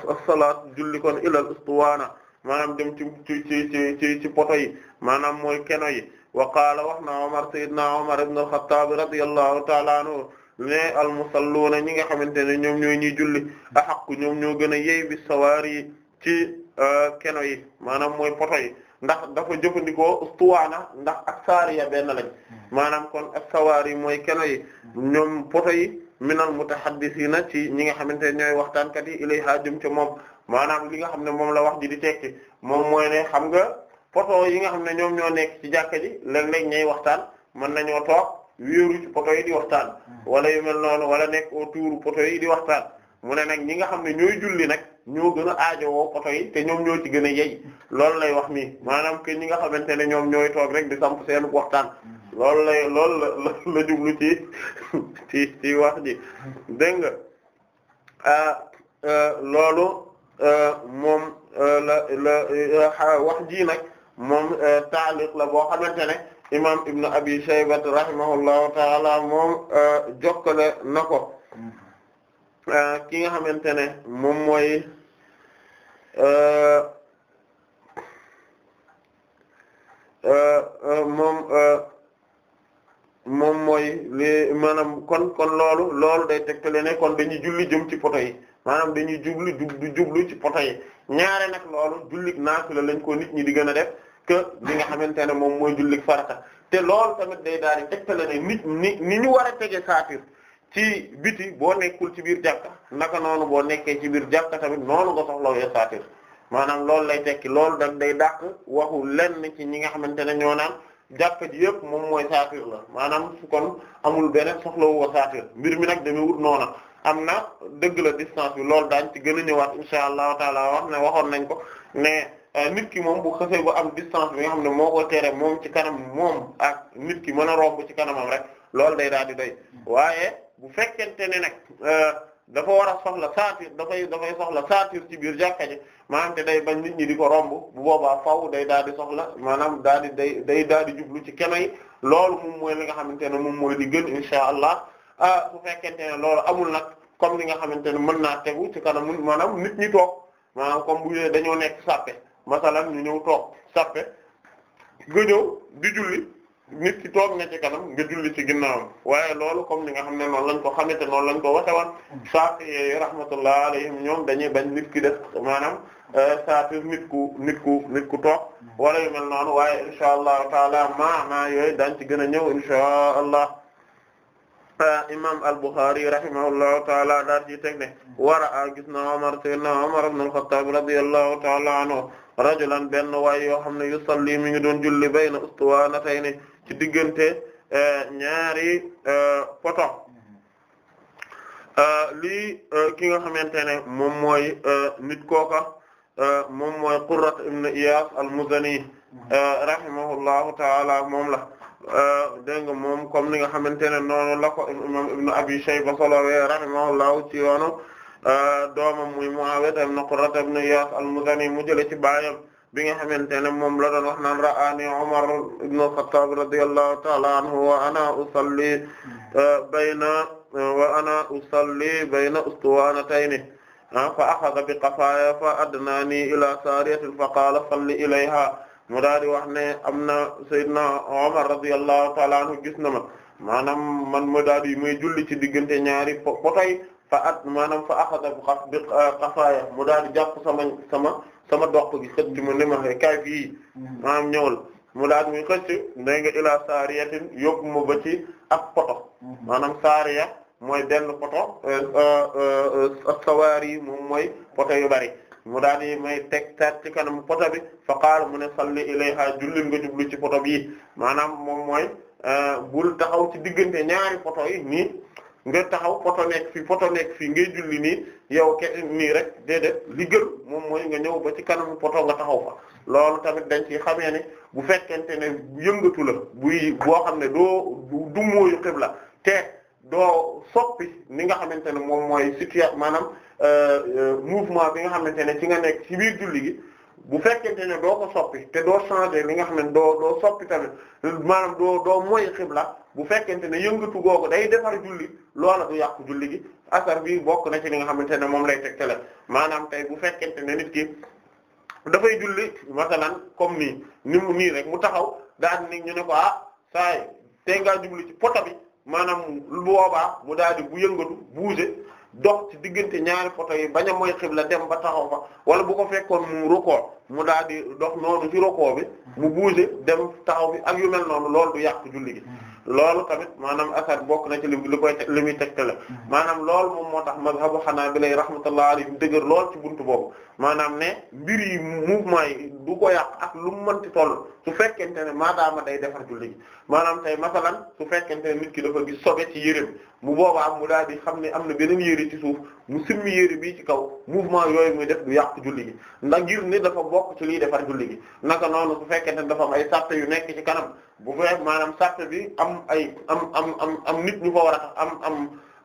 as-salaat julli kon ilal ustuwaana maanaam dem ci ci ci ci ci poto yi maanaam mooy keno yi wa qaala wax na Omar sayyidna Omar ibn al-Khattab radiyallahu ta'ala anhu mais almusalluuna ñi nga xamante ne ñoom ñooy ñuy julli ku ñoom ñoo gën a yey bi yi ci euh, keno yi maanaam mooy poto yi ndax dafa jëfandikoo ustuwaana ndax ak saariya benn lañ maanaam kon ak sawaar yi mooy keno yi ñoom poto yi minal mutahaddisiina ci ñi nga xamante ne ñooy waxtaankat yi ilayha jëm ca moom maanaam li nga xam ne moom la wax ji di tekki moom mooy ne xam nga poto yi nga xam ne ñoom ñoo nekk ci jàkka ji léeg-léeg ñay waxtaan mën nañoo toog wéeru ci poto yi di waxtaan hmm. wala yu mel noonu wala nekk autour poto yi di waxtaan mu ne nag ñi nga xam ne ñooy julli nag ñoo gën a aajowoo poto yi te ñoom ñoo ci gën a yey loolu lay wax nii maanaam que ñi nga xamante ne ñoom ñooy toog rek di samp seen waxtaan hmm. loolu lay loolu la la jublu ci ci ci wax ji dégg nga ah, ah, loolu ah, moom la la wax ji nag moom taaliq la boo xamante ne imam ibnu abi shaybat rahimahullahu taala moom euh, jokkale na ko mm-hmm. euh, ki nga xamante ne moom mooy euh, moom moom mooy li maanaam kon kon loolu loolu day tegtale ne kon dañuy julli jëm ci poto yi maanaam dañuy jublu jublu jublu ci poto yi ñaare nag loolu jullik naafila lañ ko nit ñi di gën a def que li nga xamante ne moom mooy julli farata te lool tamit day daal di tegtale ne nit ni ni ñu war a tege saatir ci biti boo nekkul ci biir jàkka naka noonu boo nekkee ci biir jàkka tamit noonu nga soxlawee saatir maanaam loolu lay tekki loolu nag day dàq waxu lenn ci ñi nga xamante ne ñoo naan jàkka ji yëpp moom mooy saatir la maanaam su kon amul beneen soxlawoo saatir mbir mi nag dama wut noona am na dëgg la distance bi loolu daañ ci gën a ñëwaat insha allah taala wax ne waxoon nañ ko ne Euh, nit ki moom bu xasee ba am distance bi nga xam ne moo ko tere moom ci kanam moom ak nit ki mën a romb ci kanamam rek loolu day daal di doy waaye bu fekkente ne nag euh, dafa war a soxla saatir dafay dafay soxla saatir ci biir jàkka ji maanaam te day bañ nit ñi di ko romb bu boobaa faww day daal di soxla maanaam daal di day day daal di jublu ci kena yi loolu moom mooy li nga xamante ne moom mooy li gën insha allah ah su fekkente ne loolu amul nag comme li nga xamante ne mën naa tegu ci kanam maanaam nit ñi toog maanaam comme bu dañoo nekk sàppe masalan ñu ñëw toog sàppe nga ñëw di julli nit toog na ci kanam nga julli ci ginnaawam waaye loolu comme ni nga xam ne noonu lañ ko xamante noonu lañ ko wasawan Shafi'i rahmatullah alayhim ñoom dañuy bañ nit ki def maanaam euh, saatir nit ku nit ku nit ku toog wala yu mel noonu waaye insha allahu taala maanaa yooyu dañ ci gën a ñëw insha allah euh, imam al-Bukhari rahimahullahu taala daal ci teg ne wara a gis na Umar sayyidina Umar ibn al-Khattab radiyallahu taala anhu rajulan benn waay yoo xam ne lii mi ngi doon julli bayna ustuwanatayni ci diggante eh, ñaari eh, poto eh, lii ki nga xamante ne moom mooy nit kooka moom mooy Qurrat ibn Iyas al-Muzani rahimahullahu taala moom la dégg nga moom comme ni nga xamante ne noonu la ko ibn Abi Shayba solowee rahimahullahu ci yoonu doomam muy Muawiya ibn Qurra ibn Iyas al-Muzani mu jëlee ci baayam bi nga xamante ne moom la doon wax naan ra'aani Umar ibn al-Khattab radiyallahu ta'ala anhu wa ana hmm. uh, bayna uh, wa ana ah, fa akhadha bi qafaya fa adnani ila sariyatin fa qala salli ilayha mu daal wax ne am na Seydina Umar radiyallahu ta'ala anhu gis ma maanaam mu daal muy julli ci diggante ñaari potay fa at maanaam fa axada bu xas euh, mu daal di jàpp sama sama sama doq gi xëcc mu ne ma eh, kay fii mm-hmm. maanaam ñëwul mu daal muy xëcc da nga ilaa saariyatin yóbbu ma ba ci ak poto mm-hmm. maanaam saariya mooy benn poto euh, euh, sawaar yi moom mooy poto yu bari mu daal di may teg taat ci kanam poto bi fa qaala mu ne salli ilayha jullil nga jublu ci poto bi maanaam moom mooy bul taxaw ci diggante ñaari poto yi nii nga taxaw photo nekk fii photo nekk fii ngay julli nii yow ke nii rek déedéet li gën moom mooy nga ñëw ba ci kanamu photo nga taxaw fa loolu tamit dañ ci xamee ne bu fekkente ne yëngatu la buy boo xam ne doo du mooyu xibla te doo soppi ni nga xamante ne moom mooy situation maanaam euh, euh, mouvement bi nga xamante ne ci nga nekk ci biir julli bu fekkente ne doo ko soppi te doo changer li nga xam ne doo doo soppi tamit maanaam doo doo mooy xibla bu fekkente ne yëngatu googu day defar julli loola du yàqu julli gi asar bi bokk na ci li nga xamante ne moom lay tegtale maanaam tey bu fekkente ne nit ki dafay julli masalan comme nii ni mu nii rek mu taxaw daal ni ñu ne ko ah saa yi tey ci poto bi maanaam lu boobaa mu daal di bu yëngatu bouger dox ci diggante ñaari poto yi bañ a mooy xibla dem ba taxaw fa wala bu ko fekkoon mu rukoo mu daal di dox noonu ci rukoo bi mu bouger dem taxaw bi ak yu mel noonu loolu du yàq loolu tamit maanaam asar bokk na ci li li koy li muy tegtale mm-hmm. maanaam loolu moom moo tax mazhabu Hanaabila rahmatullahi alayhim dëgër lool ci buntu boobu maanaam ne mbir yi mouvement yi du ko yàq ak lu mu mënti toll su fekkente ne maadaama day defar julli maanaam tey masalan su fekkente ne nit ki dafa gis sobe ci yéreem mu boobaa mu daal di xam ne am na beneen yére ci suuf mu simmi yére bii ci kaw mouvement yooyu muy def du yàq julli gi ndax ngir ni dafa bokk ci liy defar julli gi naka noonu su fekkente ne dafa am ay sàppe yu nekk ci kanam bu fekkee maanaam sàppe bi am ay am am nit ñu fa war a am am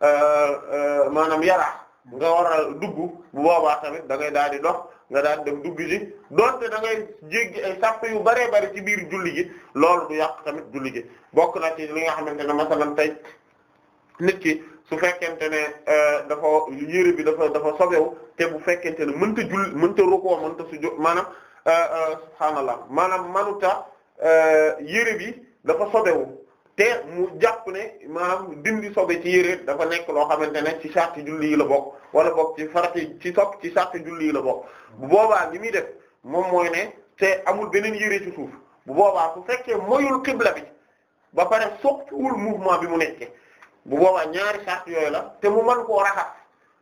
euh, euh, maanaam yaraa nga war a dugg bu boobaa tamit da ngay daal di dox nga daal di dem dugg ji donte da ngay jéggi ay sàpp yu baree bari ci biir julli gi loolu du yàq tamit julli gi bokk na ci li nga xamante ne masalan tey nit ki su fekkente ne euh, dafa yére bi dafa dafa sobewu te bu fekkente ne mënta julli mënta rukoo mënta sujud maanaam euh, euh, subhaanallah maanaam manuta yére bi dafa sobewu te mu jàpp ne maanaam dindi sobe ci yére dafa nekk loo xamante ne ci sarti julli yi la bokk wala bokk ci farati ci sopp ci sarti julli yi la bokk bu boobaa li muy def moom mooy ne te amul beneen yére ci suuf bu boobaa su fekkee moyul xibla bi ba pare soppiwul mouvement bi mu nekke bu boobaa ñaari sart yooyu la te mu mën koo raxas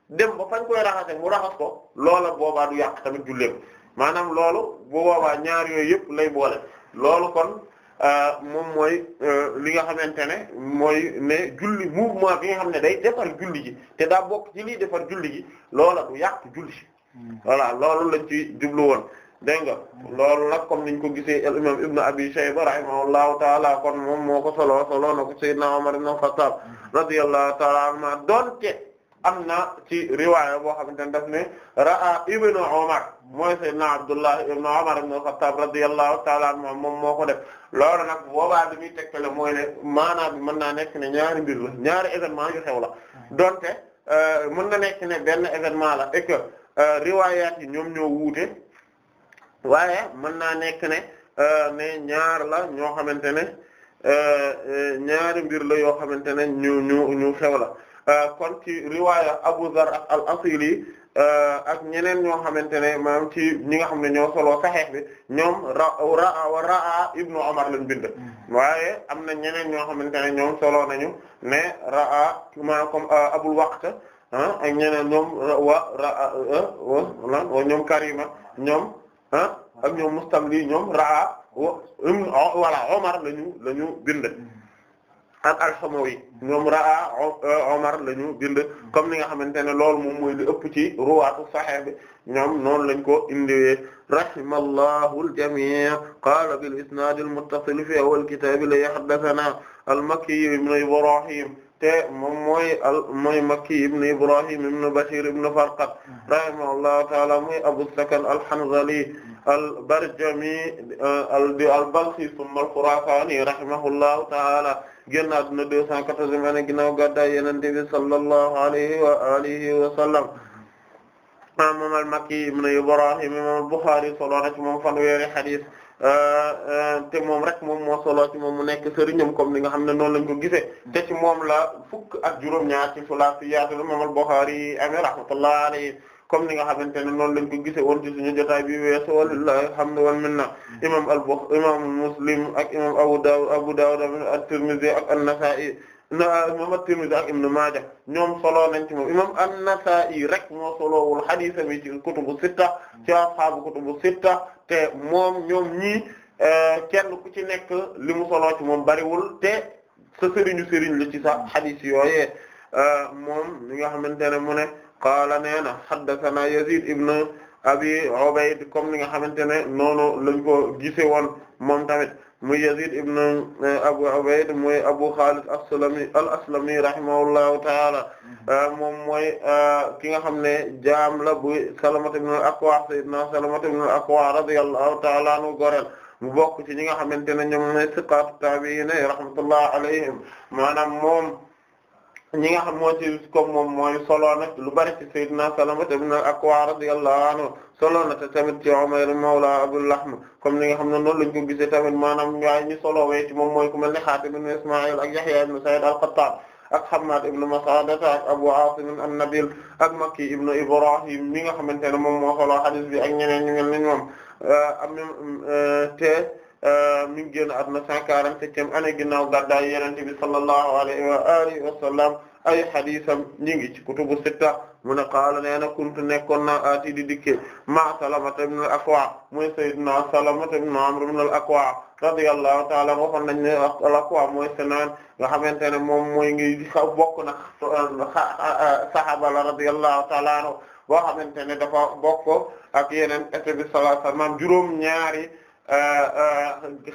dem ba fañ koy raxase mu raxas ko loola boobaa du yàq tamit julleem maanaam loolu bu boobaa ñaar yooyu yëpp lay boole loolu kon Euh, moom mooy euh, li nga xamante ne mooy ne julli mouvement bi nga xam ne day defar julli ji te daa bokk ci liy defar julli gi loola du yàq julli ji hmm. voilà loolu lañ ci jublu woon dégg nga hmm. loolu nag comme niñ ko gisee al imam ibnu abi shayba rahimahullahu taala kon moom moo ko solo solo na ko sayyidna umar ibn khattab hmm. radiyallahu taala anhuma doonte am na ci riwaaya boo xamante ne daf ne ra'a ibnu Umar mooy sayyidina Abdullah ibnu Umar ibnu Xattaab radiyallahu ta'ala anhu moom moo ko def loolu nag boobaa li muy tegtale mooy ne maanaam mën naa nekk ne ñaari mbir la ñaari événement yu xew la donte euh, mën na nekk ne benn événement la et que euh, yi ñoom ñoo wuute waaye mën naa nekk ne euh, ñaar la ñoo xamante ne ñaari mbir la yoo xamante ne ñu ñu xew la Euh, kon ci riwaaya Abu Zar ak al-Asili euh, ak ñeneen ñoo xamante ne maanaam ci ñi nga xam ne ñoo solo Sahih bi ñoom ra raa Ibnu Umar lañ bind mm-hmm. waaye am na ñeneen ñoo xamante ne ñoom solo nañu ne raa maanaam comme euh, Abul Waqt ah ak ñeneen ñoom wa ra Karima ñoom ah ak ñoom Mustamli ñoom ra wa voilà Omar la ñu la bind. Mm-hmm. ak al-Hamawi ñoom raa e, Omar la ñu bind comme ni nga xamante ne loolu moom mooy li ëpp ci ruwaatu Sahih bi ñoom noonu lañ ko indiwee rahimallahu al-jamii' qaala bil isnaad al-muttasil fi awwal kitaab li haddathanaa al-Makki ibn Ibrahim te moom mooy al mooy Makki ibn Ibrahim ibn Bashir ibn Farqad rahimahullahu ta'ala muy Abu Sakan al-Hanzali al-Barjami euh, al-Balkhi thumma al-Khurasani rahimahullahu ta'ala génn àdduna 214 an ginnaaw gàddaay Yonent bi sallallahu alayhi wa alihi wa sallam moom al-Makki ibn Ibrahim imam al-Bukhari solo na ci moom fanweeri hadith Euh, euh, te moom rek moom moo solo ci moom mu nekk sëriñam comme ni nga xam ne noonu lañ ko gisee te ci moom la fukk ak juróom-ñaar ci sulaasiyaat imam al-Bukhari amee rahmatullah alayhi comme ni nga xamante ne noonu lañ ko gisee woon ci suñu jotaay bi weesu xam alhamdu wal minna imam al-Bukhari imam Muslim ak imam Abu Dawud Abu Dawud ak at-Tirmidhi ak an-Nasa'i imam at-Tirmidhi ak Ibn Maaja ñoom solo nañ ci moom imam an-Nasaa'i rek moo solowul xadiisam yi ci u sitta ci ashaabu kutubu sitta te moom ñoom ñii e, kenn ku ci nekk li mu solo ci moom bariwul te sa sëriñu sëriñ la ci sa xadiis yooyee e, moom li nga xamante ne mu ne qaala nee na haddathana Yazid ibn Abi Ubayd comme ni nga xamante ne noonu lañ ko gise woon moom tamit muy Yazid ibn eh, Abu Ubayd muy Abu Khalid as-Sulami al-Aslami rahimahullahu taala mm-hmm. eh, moom mooy eh, ki nga xam ne jaam la bu Salama ibn al-Akwa sayyidina Salama ibn al-Akwa radiyallahu taala anhu gorel mu bokk ci ñi nga xamante ne ñoom ñooy siqaat tabi'in rahmatullahi alayhim maanaam moom. ñi nga xam moo ci comme moom mooy solo na lu bari ci sayyidina Salama ak al-Akwa radiyallahu anhu solo na te tamit ci Umayr mawla Abul Lahm comme ni nga xam ne noonu lañ ko gisee tamit maanaam waaye ñu solo wee moom mooy ku mel ne Hatim ibn Isma'il ak Yahya ibn Sa'id al-Qattan ak Hammad ibn Mas'ada ak Abu Asim an-Nabil ak Makki ibn Ibrahim mi nga xamante ne moom moo solo hadith bi ak ñeneen ñu mel ni moom euh, euh, te. Euh, mi ngi génn àdduna 147e année ginnaaw gàddaay Yonent bi sallallahu alayhi wa alihi wa sallam ay hadisam ñi ngi ci kutubu sitta mu ne qaala nee na kuntu nekkoon na aati di dikke ma Salamata ibn al-Akwa mooy sayyidina Salamata ibn Amr ibn al-Akwa radiyallahu ta'ala waxoon nañ ne al-Akwa mooy senaan nga xamante ne moom mooy ngi xaw bokk na sahaaba la radiyallahu ta'ala anhu boo xamante ne dafa bokk ak yeneen état bi sallallahu alayhi juróom ñaari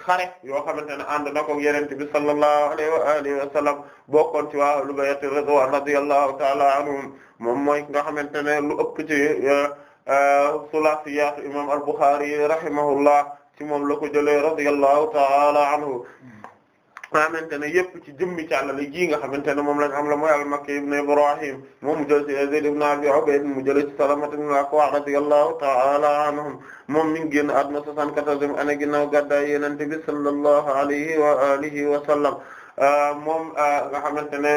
xare yoo xamante ne ànd na ko yonent bi sallallahu alayhi wa alihi wa sallam bokkoon ci waa lu bayati ridwan radiyallahu ta'ala anhum moom mooy nga xamante ne lu ëpp ci sulaasiyaat imam al-Bukhari rahimahullah ci moom la ko jëlee radiyallahu ta'ala anhu xamante ne yëpp ci jëmmi càllale gi nga xamante ne moom lañ am la mooy al-Makki Ibrahim moom mu jël ci Yazid ibn Abi Ubayd mu jël ci Salamata ta'ala anhum moom mi ngi génn àdduna 74e gina ginnaaw gàddaay Yonent bi sallallahu alayhi wa alihi wa sallam moom nga xamante ne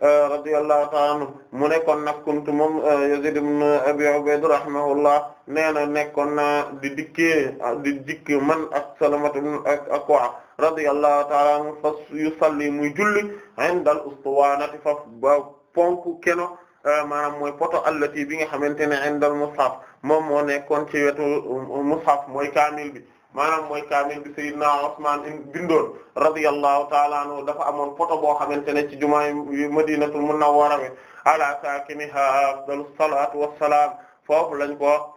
radiyallahu ta'ala mu nekkoon nag kuntu moom Yazid ibn Abi Ubayd rahimahullah nee na nekkoon na di dikkee di dikk man ak Salamata ibn al-Akwa' radiyallahu ta'ala anhu fa yusalli muy julli inda al ustuwanati fa ba ponk keno euh, maanaam mooy poto allati bi nga xamante ne inda al mushaf moom moo nekkoon ci wetu euh, mushaf mooy kaamil bi maanaam mooy kaamil bi sayyidina Usman bindoon radiyallahu ta'ala anhu dafa amoon poto boo xamante ne ci jumaay madinatul munawwara ala saakiniha afdalus salatu wassalam foofu lañ ko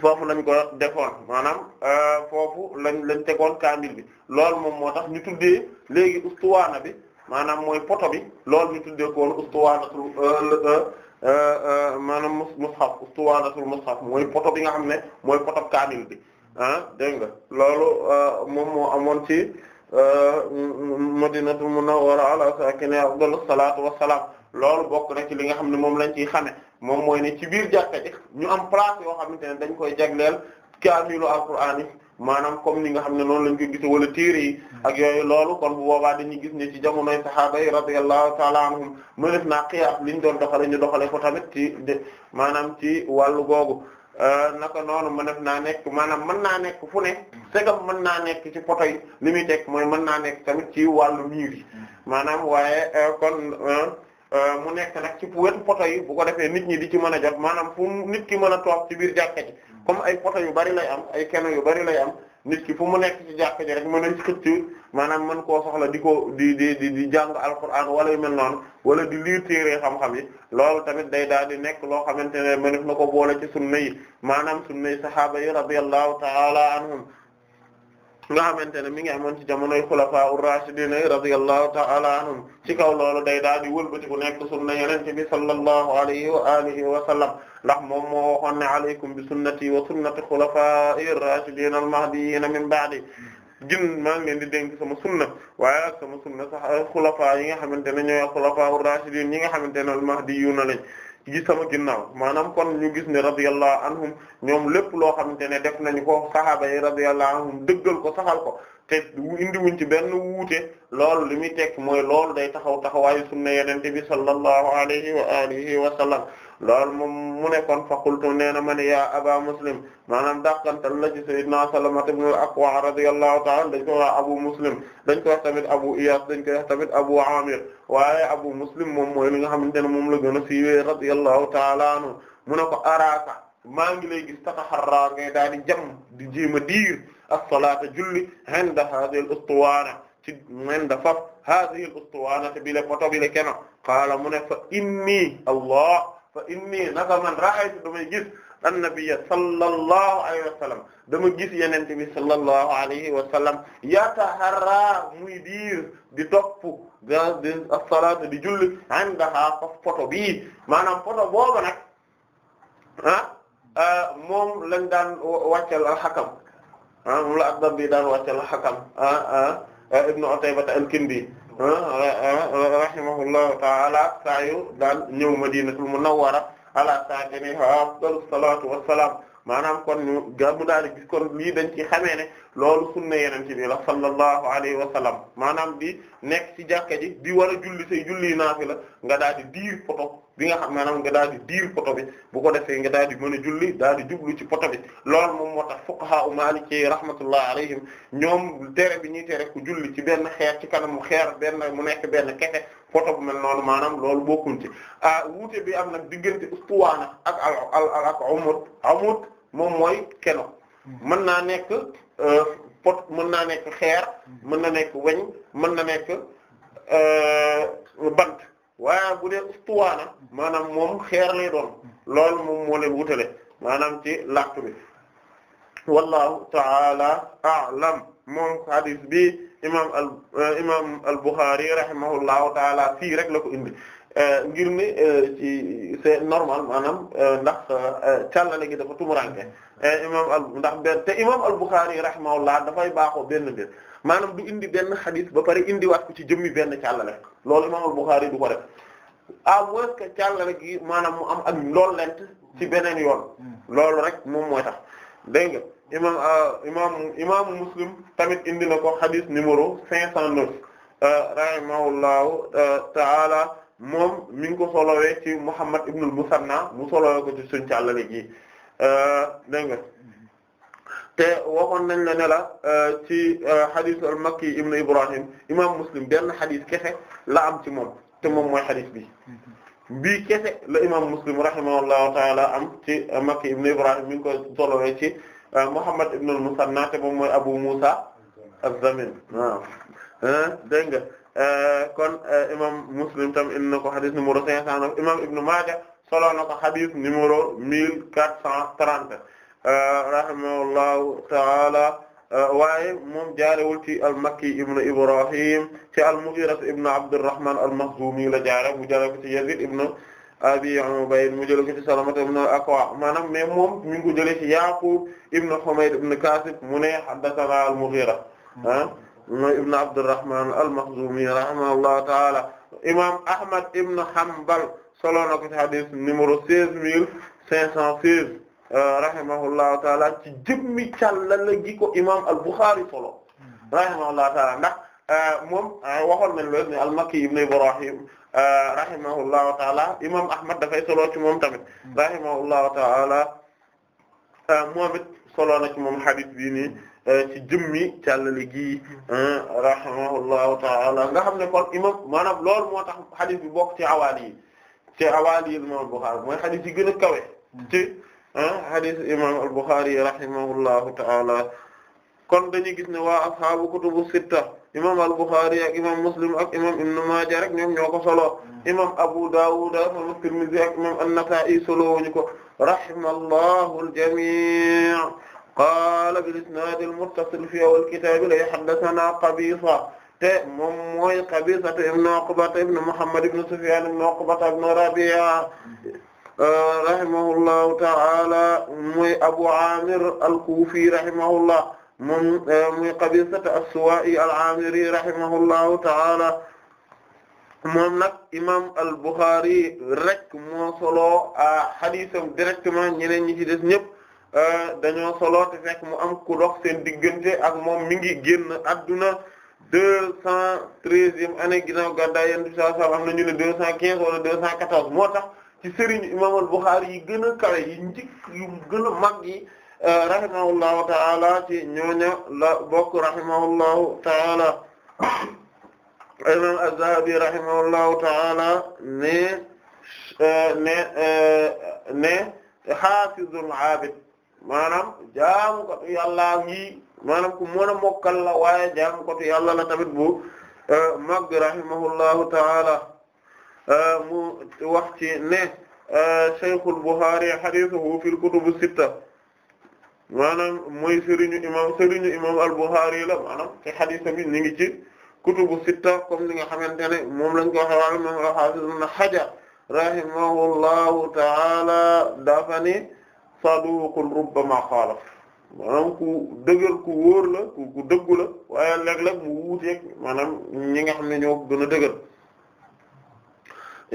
foofu lañ ko defoon maanaam euh, foofu lañ lañ tegoon kaamil bi loolu moom moo tax ñu tuddee léegi ustuwaana bi maanaam mooy poto bi loolu ñu tuddee koon ustuwaanatul euh, euh, maanaam mus mushaf ustuwaanatul mushaf mooy poto bi nga xam ne mooy poto kaamil bi ah dégg nga loolu moom moo amoon ci na madinatul munawwara ala saakiniha afdalu salaatu wassalaam loolu bokk na ci li nga xam ne moom lañ ciy xame moom mooy ne ci biir jàkka ji ñu am place yoo xamante ne dañ koy jagleel kaamilu alquran yi maanaam comme ni nga xam ne noonu lañ ko gis wala téere yi ak yooyu loolu kon bu boobaa dañuy gis ne ci jamonoy sahaaba yi radiyallahu taala anhum mënef naa xiyaas liñ doon doxale ñu doxale ko tamit ci de maanaam ci wàllu googu euh, naka noonu mënef naa nekk maanaam mën naa nekk fu ne segam mën naa nekk ci poto yi li muy teg mooy mën naa nekk tamit ci wàllu miir maanaam waaye euh, euh, Euh, mu nekk nag ci wetu poto yi bu ko defee nit ñi di ci mën a jot maanaam fu nit ki mën a toog ci biir jàkka ji comme ay poto yu bari lay am ay keno yu bari lay am nit ki fu mu nekk ci jàkka ji rek mën nañ xëcc maanaam mën koo soxla di ko di di di di jàng alquran wala yu mel noonu wala di liir téere xam-xam yi loolu tamit day daal di nekk loo xamante ne mëneef na ko boole ci sunna yi maanaam sunna yi sahaaba yi radiyallahu ta'ala anhum nga xamante ne mi ngi amoon ci jamonoy xulafaa ur-raashidin radiyallahu ta'ala anhum ci kaw loolu day daal di wëlbati ku nekk sunna yonent bi sallallahu alayhi wa alihi wa sallam ndax moom moo waxoon ne alaykum bi sunnati wa sunnati xulafaa'i ar-raashidin al-mahdiyyin min ba'di gin maa ngi leen di dénk sama sunna waaye sama sunna sax xulafaa yi nga xamante ne ñooy xulafaa ur-raashidin ñi nga xamante ne al-mahdiyyuuna lañ ci sama ginnaaw maanaam kon ñu gis ne radiyallahu anhum ñoom lépp loo xamante ne def nañu ko sahaaba yi radiyallahu anhum dëggal ko saxal ko te indi wuñ ci benn wuute lool li muy tekk mooy lool day taxaw taxawaayu sunna yenente bi sallallahu alayhi wa alihi wa sallam lool moom mu nekkoon fa qultu nee na ma ne yaa aba muslim maanaam dàqantal la ci sayyidina Salamata ibn al-Akwa radiyallahu ta'ala dañ koy wax abu muslim dañ koy wax tamit abu Iyas dañ koy wax tamit abu amir waaye abu muslim moom mooy li nga xamante ne moom la gën a siiwee radiyallahu ta'ala anhu mu ne ko araaka maa ngi lay gis tataxarraa ngay daal di jam di jéem a diir as-salaata julli inda haadihil ustuwaana ci inda faf haadihil ustuwaana te bile poto bile kena qaala mu ne fa inni allah fa inni naka man ra'aytu damay gis annabiyya sallallahu alayhi wa sallam dama gis yenente bi sallallahu alayhi wa sallam yataharra muy diir di topp ga di as-salaatu di julli indaha fa photo bii maanaam photo boobu nag ah, ah moom lañ daan wàccal al-Hakam ah moom la ak dam bi daan wàccal al-Hakam ah ah, ah ibnu Utaybata al-Kindi rahimahullahu ta'ala saa yu daan ñëw Madinatul Munawwara ala saakinihaa afdalu salaatu wassalaam maanaam kon ñu ga daal di gis kon dañ ci xamee ne loolu sunna yeneen ci bi la sallallahu alayhi wa sallam maanaam di nekk ci jàkka ji di war a julli say julli naafila nga daal di diir poto bi nga xam maanaam nga daal di diir poto bi bu ko defee nga daal di mën a julli daal di jublu ci poto bi loolu moom moo tax fuqaha u maliki rahmatullah alayhim ñoom tere bi ñuy tere ku julli ci benn xeer ci mu xeer benn mu nekk benn kete poto bu lool noonu maanaam loolu bokkuñ ci ah wuute bi am na diggante ustuwaana ak al ak umud moom mooy keno hmm. mën naa nekk euh, pot mën naa nekk xeer hmm. mën na nekk weñ mën na nekk euh, bant waaye bu dee ustuwaana maanaam moom xeer lay doon hmm. loolu moom moo leen wutale maanaam ci làkk bi wallahu taala a'lam moom hadith bi imam al euh, imam al Bukhari rahimahullahu taala fii rek la ko indi Euh, ngir ni euh, ci c'est normal manam euh, ndax càllale gi dafa tumuranke imam al ndax benn te imam al-Bukhari rahimahullah dafay baaxoo benn mbir maanaam du indi benn xadis ba pare indiwaat ko ci jëmmi benn càllale loolu imam al-Bukhari du ko def à moins que càllale gi maanaam mu am ak lool lent ci beneen yoon loolu rek moom mooy tax dégg nga imam imam Muslim tamit indi na ko xadis numéro cinq cent neuf rahimahullahu ta'ala moom mi ngi ko solowee ci Muhammad ibn al-Musanna mu solowee ko ci suñu càllale gi euh, dégg nga te waxoon nañ la ne la euh, ci hadith euh, al-Makki ibn Ibrahim imam Muslim benn hadith kese la am ci moom te moom mooy hadith bi bi kese la imam Muslim rahimahullahu ta'ala am ci Makki ibn Ibrahim mi ngi ko solowee ci Muhammad ibn al-Musanna te moom mooy Abu Musa az-Zamin waaw dégg nga Euh, kon euh, imam Muslim tam indi na ko xadis numéro 509 imam Ibn Maaja solo na ko xadis numéro 1430 euh, rahimahullahu taala waaye moom jaarewul ci al-Makki ibn Ibrahim ci al-Mughira ibn Abdurrahman al-Makhzumi la jaare mu jële ko ci Yazid ibn Abi Ubayd mu jële ko ci Salamata ibn al-Akwa maanaam mais moom mi ngi ko jëlee ci Yaqub ibn Humayd ibn Kasib mu ne haddathana al-Mughira ah mooy ibn Abdurrahman al-Makhzumi rahimahullahu ta'ala imam Ahmad ibn Hanbal solo na ko ci hadith numéro seize mille cinq cent seize euh, rahimahullahu ta'ala ci jëmmi càllala gi ko imam al-Bukhari solo rahimahullahu ta'ala ndax euh, moom euh, waxoon nañ loolu ne al-Makki ibn Ibrahim rahimahullahu ta'ala imam Ahmad dafay solo ci moom tamit rahimahullahu ta'ala moom it solo na ci moom hadith bi nii Euh, ci jëmmi càllale gi rahimahullahu taala nga xam ne kon imam maanaam lool moo tax xadis bi bokk ci awaal yi ci awaal yi imam al mooy xadis yi gën a kawe ci xadis taala kon dañuy gis ne waa ashaabu kutubu sitta imam al-Bukhari ak imam Muslim ak imam Ibn Maaja rek ñoom ñoo ko solo imam Abu Dawud ak ak imam an-Nasa'i solo wuñu ko rahimallahu al-jami' qaala bil isnaad al muttasil fi awwal kitaab la haddathanaa Qabiisa te moom mooy Qabiisa ibn Uqba ibn Muhammad ibn Sufyaan ibn Uqba ibn Rabi'a rahimahullahu ta'ala mooy Abu Aamir al-Kuufi rahimahullah moom eh, mooy Qabiisa as-Suwaa'i al-Aamiri rahimahullahu ta'ala moom nag imam al-Bukhari rek moo solo a ah, hadiisam directement ñeneen ñi ci des ñëpp. Euh, dañoo solo te fekk mu am ku dox seen diggante ak moom mi ngi génn adduna deux cent treizième année ginnaaw gàddaay Yonent bi sallallahu alayhi wasallam am ne deux cent quinze wala deux cent quatorze moo tax ci sëriñ Imam al-Bukhari yi gën a kawe yi njëkk yu gën a mag yi euh, rahimahullahu taala ci ñooña bokk rahimahullahu taala imam ne euh, ne ne xaafizul aabid maanaam jaamukatu yàllaa ngi maanaam ku mën mokkal la waaye jaamukatu yàlla la tamit bu euh, mag rahimahullahu taala euh, mu wax ci ne Shaykhul euh, Bukhari hadithuhu fil kutubu sitta maanaam mooy sëriñu imam sëriñu imam al-Bukhari la maanaam te hadith bi ñu ngi ci kutubu sitta comme ni nga xamante ne moom lañ ko waxee wàllum xaafis na Hajar rahimahullahu taala dafa saduqun rubbama xaalaf maanaam ku dëgër ku wóor la ku dëggu la waaye léeg-léeg mu wuuteeg maanaam ñi nga xam ne ñoo gën a dëgër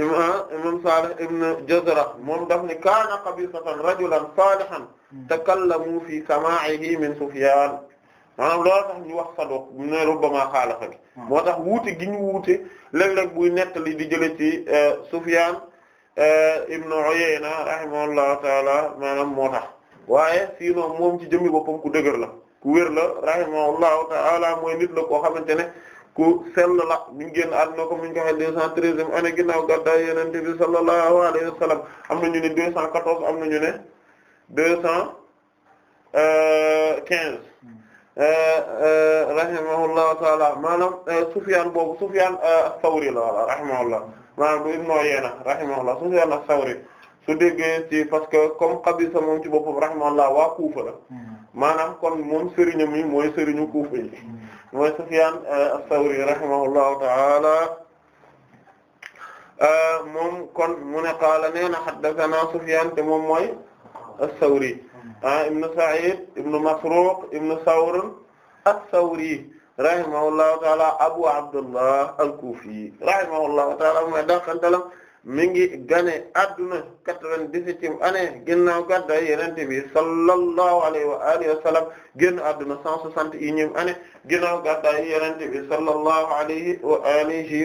imam imam Salih ibn Jazra moom daf ni kaana qabisatan rajulan salihan takallamu fi samaa'ihi min Sufyaan maanaam loolu tax ñu wax saduq ne rubbama xaalafa bi ah. moo tax wuute gi ñu wuute léeg-léeg buy nettali di jële ci eh, Sufyaan Eh, ibnu Uyayna rahimahullahu taala maanaam moo tax waaye sinon moom ci jëmmi boppam ku dëgër la ku wér la rahimahullahu taala mooy nit la koo xamante ne ku sell la mi ngi génn àdduna ko mi ñu ko waxee deux cent treizième année ginnaaw gàddaay Yonent bi sallallahu alayhi wa am na ñu ne deux cent quatorze am na ñu ne deux cent quinze eh, eh, rahimahullahu taala maanaam Sufyaan boobu Sufyaan Sawri la wala maanaam bu Ibn Uyayna rahimahullah Sufyaan as-Sawri su déggee ci parce que comme Qabisa moom ci boppam rahimahullah waa Kuufa la hmm. maanaam kon moom sëriñam yi mooy sëriñu Kuufa yi hmm. mooy Sufyaan euh, as-Sawri rahimahullahu ta'ala euh, moom kon mu ne qaala nee na te moom mooy as-Sawri hmm. ah ibn Sa'id ibn Masruq ibn Thawr as-Sawri rahimahullahu taala Abu Abdullah al-Kufi rahimahullahu taala mooy dàqantalam mi ngi gane adduna quatre-vingt-dix-septième année ginnaaw gàddaay Yonent bi sallallahu alayhi wa alihi wa sallam génn adduna cent soixante et unième année ginnaaw gàddaay Yonent bi sallallahu alayhi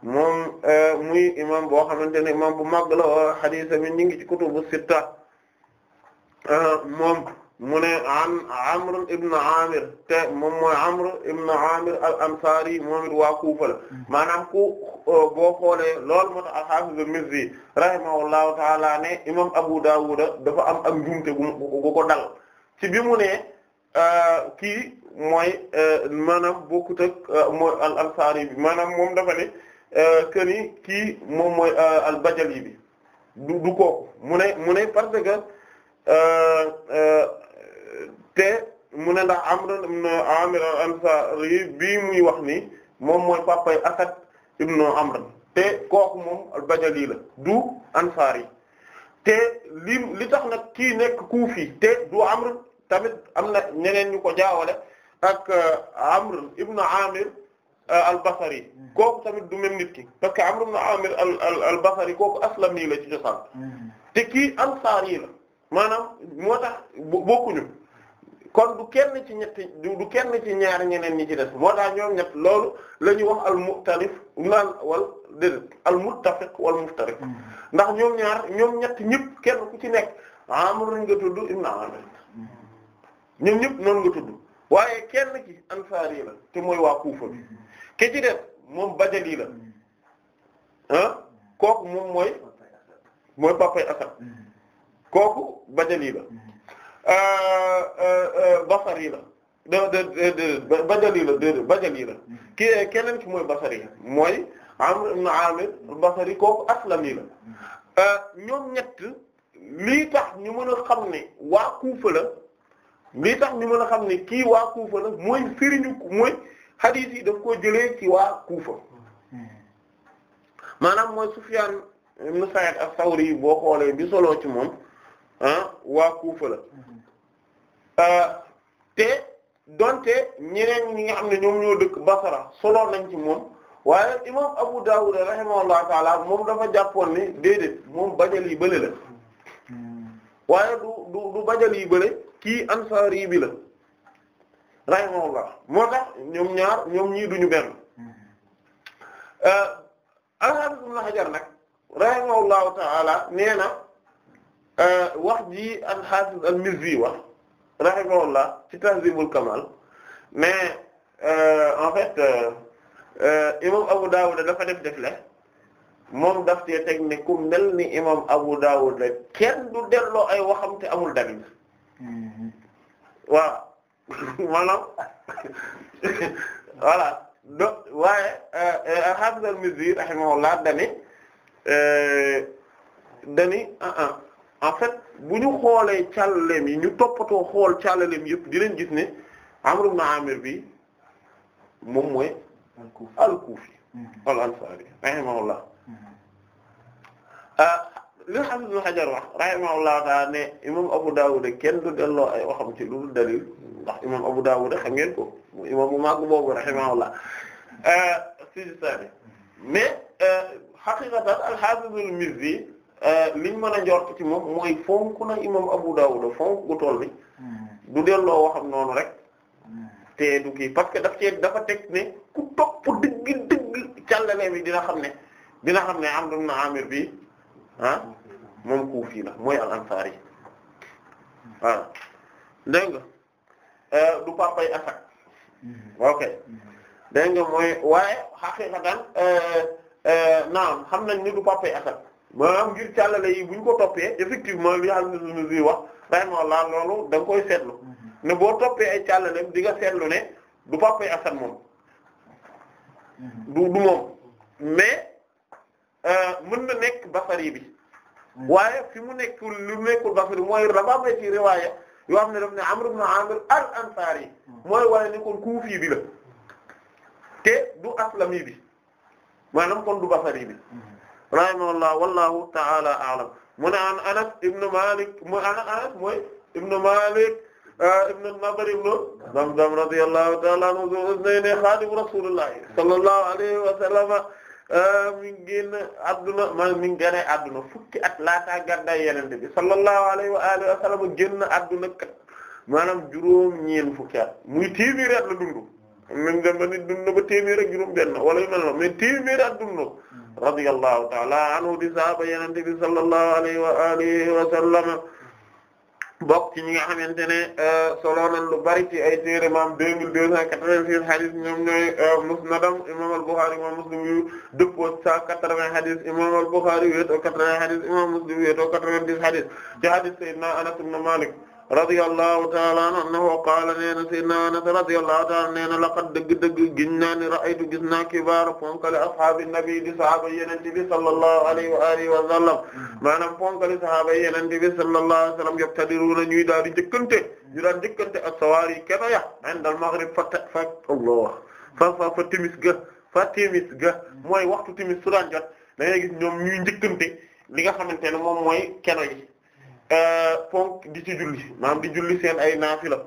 euh, muy imam boo xamante ne imam bu mag la hadiis bi ñu ngi ci kutubu sitta euh, moom mu ne an Amr ibn Amir te moom mooy Amr ibn Amir al-Ansari moom it waa Kufa la hmm. maanaam ku uh, boo xoolee lool moo tax al-Hafiz al-Mizzi rahimahullahu ta'ala ne imam Abu Dawud dafa am ak njuumte gu ko dal ci bi mu ne uh, kii mooy uh, maanaam bokkut ak mooy al-Ansari bi maanaam moom dafa ne que ni kii moom mooy al-Bajali bi du du mu ne mu ne parce que. te mu ne ndax Amr ibn Amir al bii muy wax ni moom mooy papa yi Asad ibn Amr te kooku moom al-Bajali la du Ansari te li li tax nag kii nekk ku Kufi te du Amr tamit am na ñeneen ñu ko jaawale ak uh, Amr ibn Amir uh, al-Basri mm. kooku tamit du même nit ki parce que Amr ibn Amir al al-Basri kooku aslami la ci cosaan mm. te kii Ansari la maanaam moo tax bokkuñu. kon du kenn ci ñetti du kenn ci ñaar ñeneen ñi ci des moo tax ñoom ñett loolu la ñuy wax al muxtalif naan wal déedéet al muttafiq wal muftarik mm. ndax ñoom ñaar ñoom ñett ñëpp kenn ku ci nekk Amr nga tudd ibn Amr mm. ñoom ñëpp noonu nga tudd waaye kenn ci ansaari la te mooy waa Kufa bi ke ci def moom bajali la mm. ah kooku moom mooy mooy papay Asad kooku bajali la Euh, euh, euh, basari la déedéet bajali la déedéet bajali la kii keneen ki mooy basari mooy Amr ibn Amir basari kooku aslami la ñoom ñett lii tax ñu mën a xam ne waa Kuufa la lii tax ñu mën a xam ne kii waa Kuufa la mooy firiñu mooy hadith yi daf koo jëlee ci waa Kuufa maanaam mooy Sufyaan ibn Sa'id as-Sawri boo xoolee bi solo ci moom. ah waa Kufa la euh, te donte ñeneen ñi nga xam ne ñoom ñoo dëkk Basra solo nañ ci moom waaye imam Abu Dawud rahimahullahu taala moom dafa jàppoon ni déedéet moom bajal yi bële la waaye du du bajal yi bële kii ansari bi la rahimahullah moo tax ñoom ñaar ñoom ñii duñu benn euh, al-Hafiz Ibn Hajar nag rahimahullahu taala nee na. Euh, wax ji al Hafiz al-Mizzi wax ci Tahzibul Kamal mais euh, en fait euh, imam Abu Dawud dafa def def le moom daf cee teg ne ku mel ni imam Abu Dawud la kenn du delloo ay waxam te amul dalil mm-hmm. waaw [laughs] maanaam voilà donc waaye al-Hafiz al-Mizzi rahimahullah dani dani ah ah en fait bu ñu xoolee càllaleem yi ñu toppatoo xool càllaleem yëpp di leen gis ne Amr ibn Amir bi moom mooy al-Kufi al-Ansari rahimahullah ah, li Hafiz Ibn Hajar wax rahimahullah taala ne imam Abu Dawud kenn du delloo ay waxam ci lu dalil imam Abu Dawud xam ko imam bu mag boobu rahimahullah ah, Sijistani mm-hmm. mais ah, haqiqatan al-Hafiz al-Mizzi Euh, liñ mën a njort ci moom mooy fonk na imam Abu Dawud fonk gu toll ni hmm. du delloo waxam noonu rek hmm. te du kii parce que daf cee dafa teg ne ku topp dëgg dëgg càllale bi dina xam ne dina xam ne am na amir bi ah moom kuufi la mooy al ansari hmm. voilà dégg nga euh, du papay asak ok dégg nga a waaye xaqiqatan euh, naam xam nañ ni du papay asak maanaam ngir càllale yi bu ñu ko toppee effectivement li alhamdulilah wax rahimahullah loolu da nga koy seetlu mhm. ne boo toppee ay càllaleem di nga seetlu ne du papay Assane moom mhm. du moom mais euh, mën na nekk basari bi mhm. waaye fi mu nekk lu nekkul basari mooy rababa ci riwaaya yoo xam ne daf ne Amr ibn Amir al Ansari mooy waaye ne kon kuufi bi la te du aslami bi maanaam kon du basari bi. rahimahullah wallahu ta'ala a'lam mu ne an Anas ibn Malik mu an Anas mooy ibn Malik ah, ibn al-Nadr ibn Damdam radiyallahu ta'ala anhu ne xaadimu rasulullah sallallahu alayhi wa sallam ah, mi ngi génn adduna ma fukki at laataa gàddaay Yonent bi sallallahu alayhi wa alihi wa sallam génn adduna kat maanaam juróom ñeen fukki at muy téeméeri at la dund. mi ngi dem ba nit dund ba téeméer ak juróom benn wala yu mel noonu mais at dund radiyallahu ta'ala anhu di saaba yonent bi sallallahu alayhi wa alihi wa sallam bokk ci ñi nga xamante ne euh, solo nañ lu bari ci ay téere maam deux mille deux cent quatre-vingt-six hadith ñoom ñooy euh, musnadam imam al-Bukhari imam Muslim yu dëppoo cent quatre-vingts hadith imam al-Bukhari wéetoo quatre-vingts hadith imam Muslim wéetoo quatre-vingt-dix hadith ci hadith sayyidina Anas ibn Malik radiyallahu ta'ala anhu qaala nee na sayyidina Anas radiyallahu ta'ala nee na laqad dëgg-dëgg giñ naa ni ra'aytu gis naa kibaaru ponkali ashaabi nabi di sahaaba yonent bi sallallahu alayhi wa alihi wa sallam maanaam ponkali sahaaba yonent bi sallallahu alayhi wa sallam yaqtadiruuna ñuy daal di njëkkante ñu daal njëkkante as-sawaari keno ya indal maghrib fa fa Allah fa fa fa timis ga fa timis ga mooy waxtu timis su daan jot da ngay gis ñoom ñuy njëkkante li nga xamante ne moom mooy keno yi ponk euh, di ci julli maanaam di julli seen ay naafila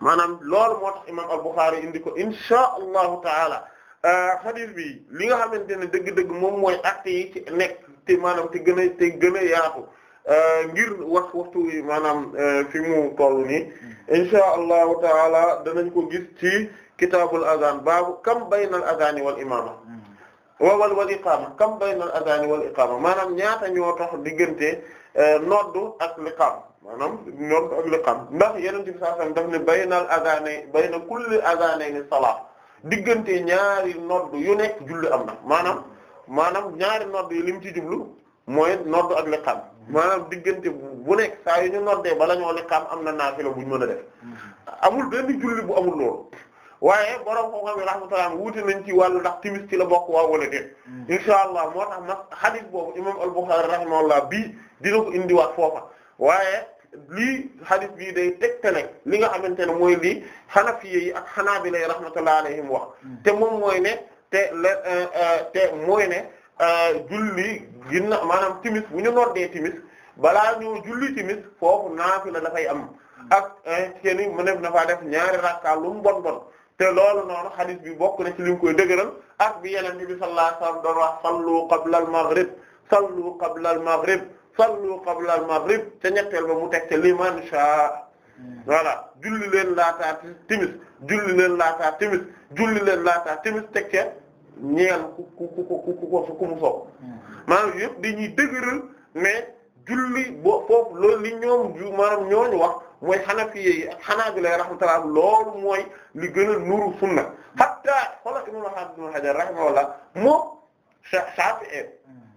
maanaam loolu moo tax al-Bukhari indi ko insha allahu taala euh, hadith bi li nga xamante ne dëgg-dëgg moom mooy acte yi ci nekk te maanaam te gën a te gën a yaatu euh, ngir wax waxtu maanaam fi mu toll nii insha allahu taala danañ ko gis ci kitaabul azan baabu kam bayna al azani wal imaama hmm. wawal wal iqaama kam bayna al azani wal iqaama maanaam ñaata ñoo tax diggante Euh, noddu ak liqaam maanaam noddu ak ndax yeneen ci saa daf ne baynal azanay bayna kulli azanay ni salaat diggante ñaari noddu yu nekk julli am na maanaam maanaam ñaari noddu yi lim ci jublu mooy noddu ak liqaam maanaam diggante bu nekk saa yu ñu noddee bala ñoo liqaam am na naafila bu ñu mën a def amul benn julli bu amul loolu waaye borom ko xam yi rahmatullah wuute nañ ci wàllu ndax timis ci la bokk waaw wala déet mm. insha allah moo tax ma hadith boobu imam moom bukhari rahimahullah bii dina ko indiwaat foofa waaye lii hadith bii day tegtale li nga xamante ne mooy lii xanafiye yi ak xanaabila yi rahmatullah alayhim wax te moom mooy ne te le euh, euh, te mooy ne euh, julli ginna maanaam timis bu ñu noddee timis balaa ñu julli timis foofu naafila dafay am ak seeni mu ne na faa def ñaari rakka lu bon bon te loolu noon hadith bi bokk na ci li mu koy dëgëral ak bi yeneen bi sallallahu alayhi wasallam doon wax sallu qabla al maghrib qabla al sallu qabla al maghrib ca ñetteel ba mu teg ca liman sha voilà julli leen laataa timis julli leen laataa timis julli leen laataa timis teg ca ñeel ku ku ku ku ku ku mu sow maanaam yëpp mais julli bo foofu li ñoom ju maanaam ñooñu wax mooy xanafiye yi ak xanaabila rahmatullah loolu mooy li gën a nuru sunna hatta xoolal imam Ibn Hajar rahimahullah moo Shafi'i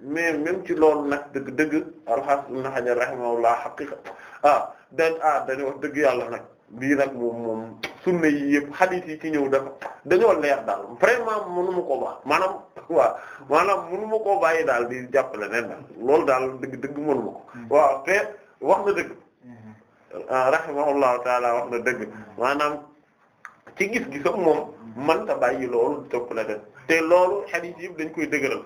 mais même ci loolu nag dëgg dëgg alxaas ibn Hajar rahimahullah xaqiqa ah dan ah wax dëgg yàlla nag bii nag moom moom sunna yi yëpp xadiis yi ci ñëw dafa dañoo leer daal vraiment mënu ma koo baax maanaam [laughs] waaw maanaam mënu ma koo bàyyi daal di jàppale nen daal loolu daal dëgg dëgg mënu ma ko hmm. waaw te wax na dëgg hmm. ah rahimahullahu taala wax na dëgg hmm. maanaam ci gis-gisam moom mënta bàyyi loolu topp la def te loolu xadiis yëpp dañ koy dëgëral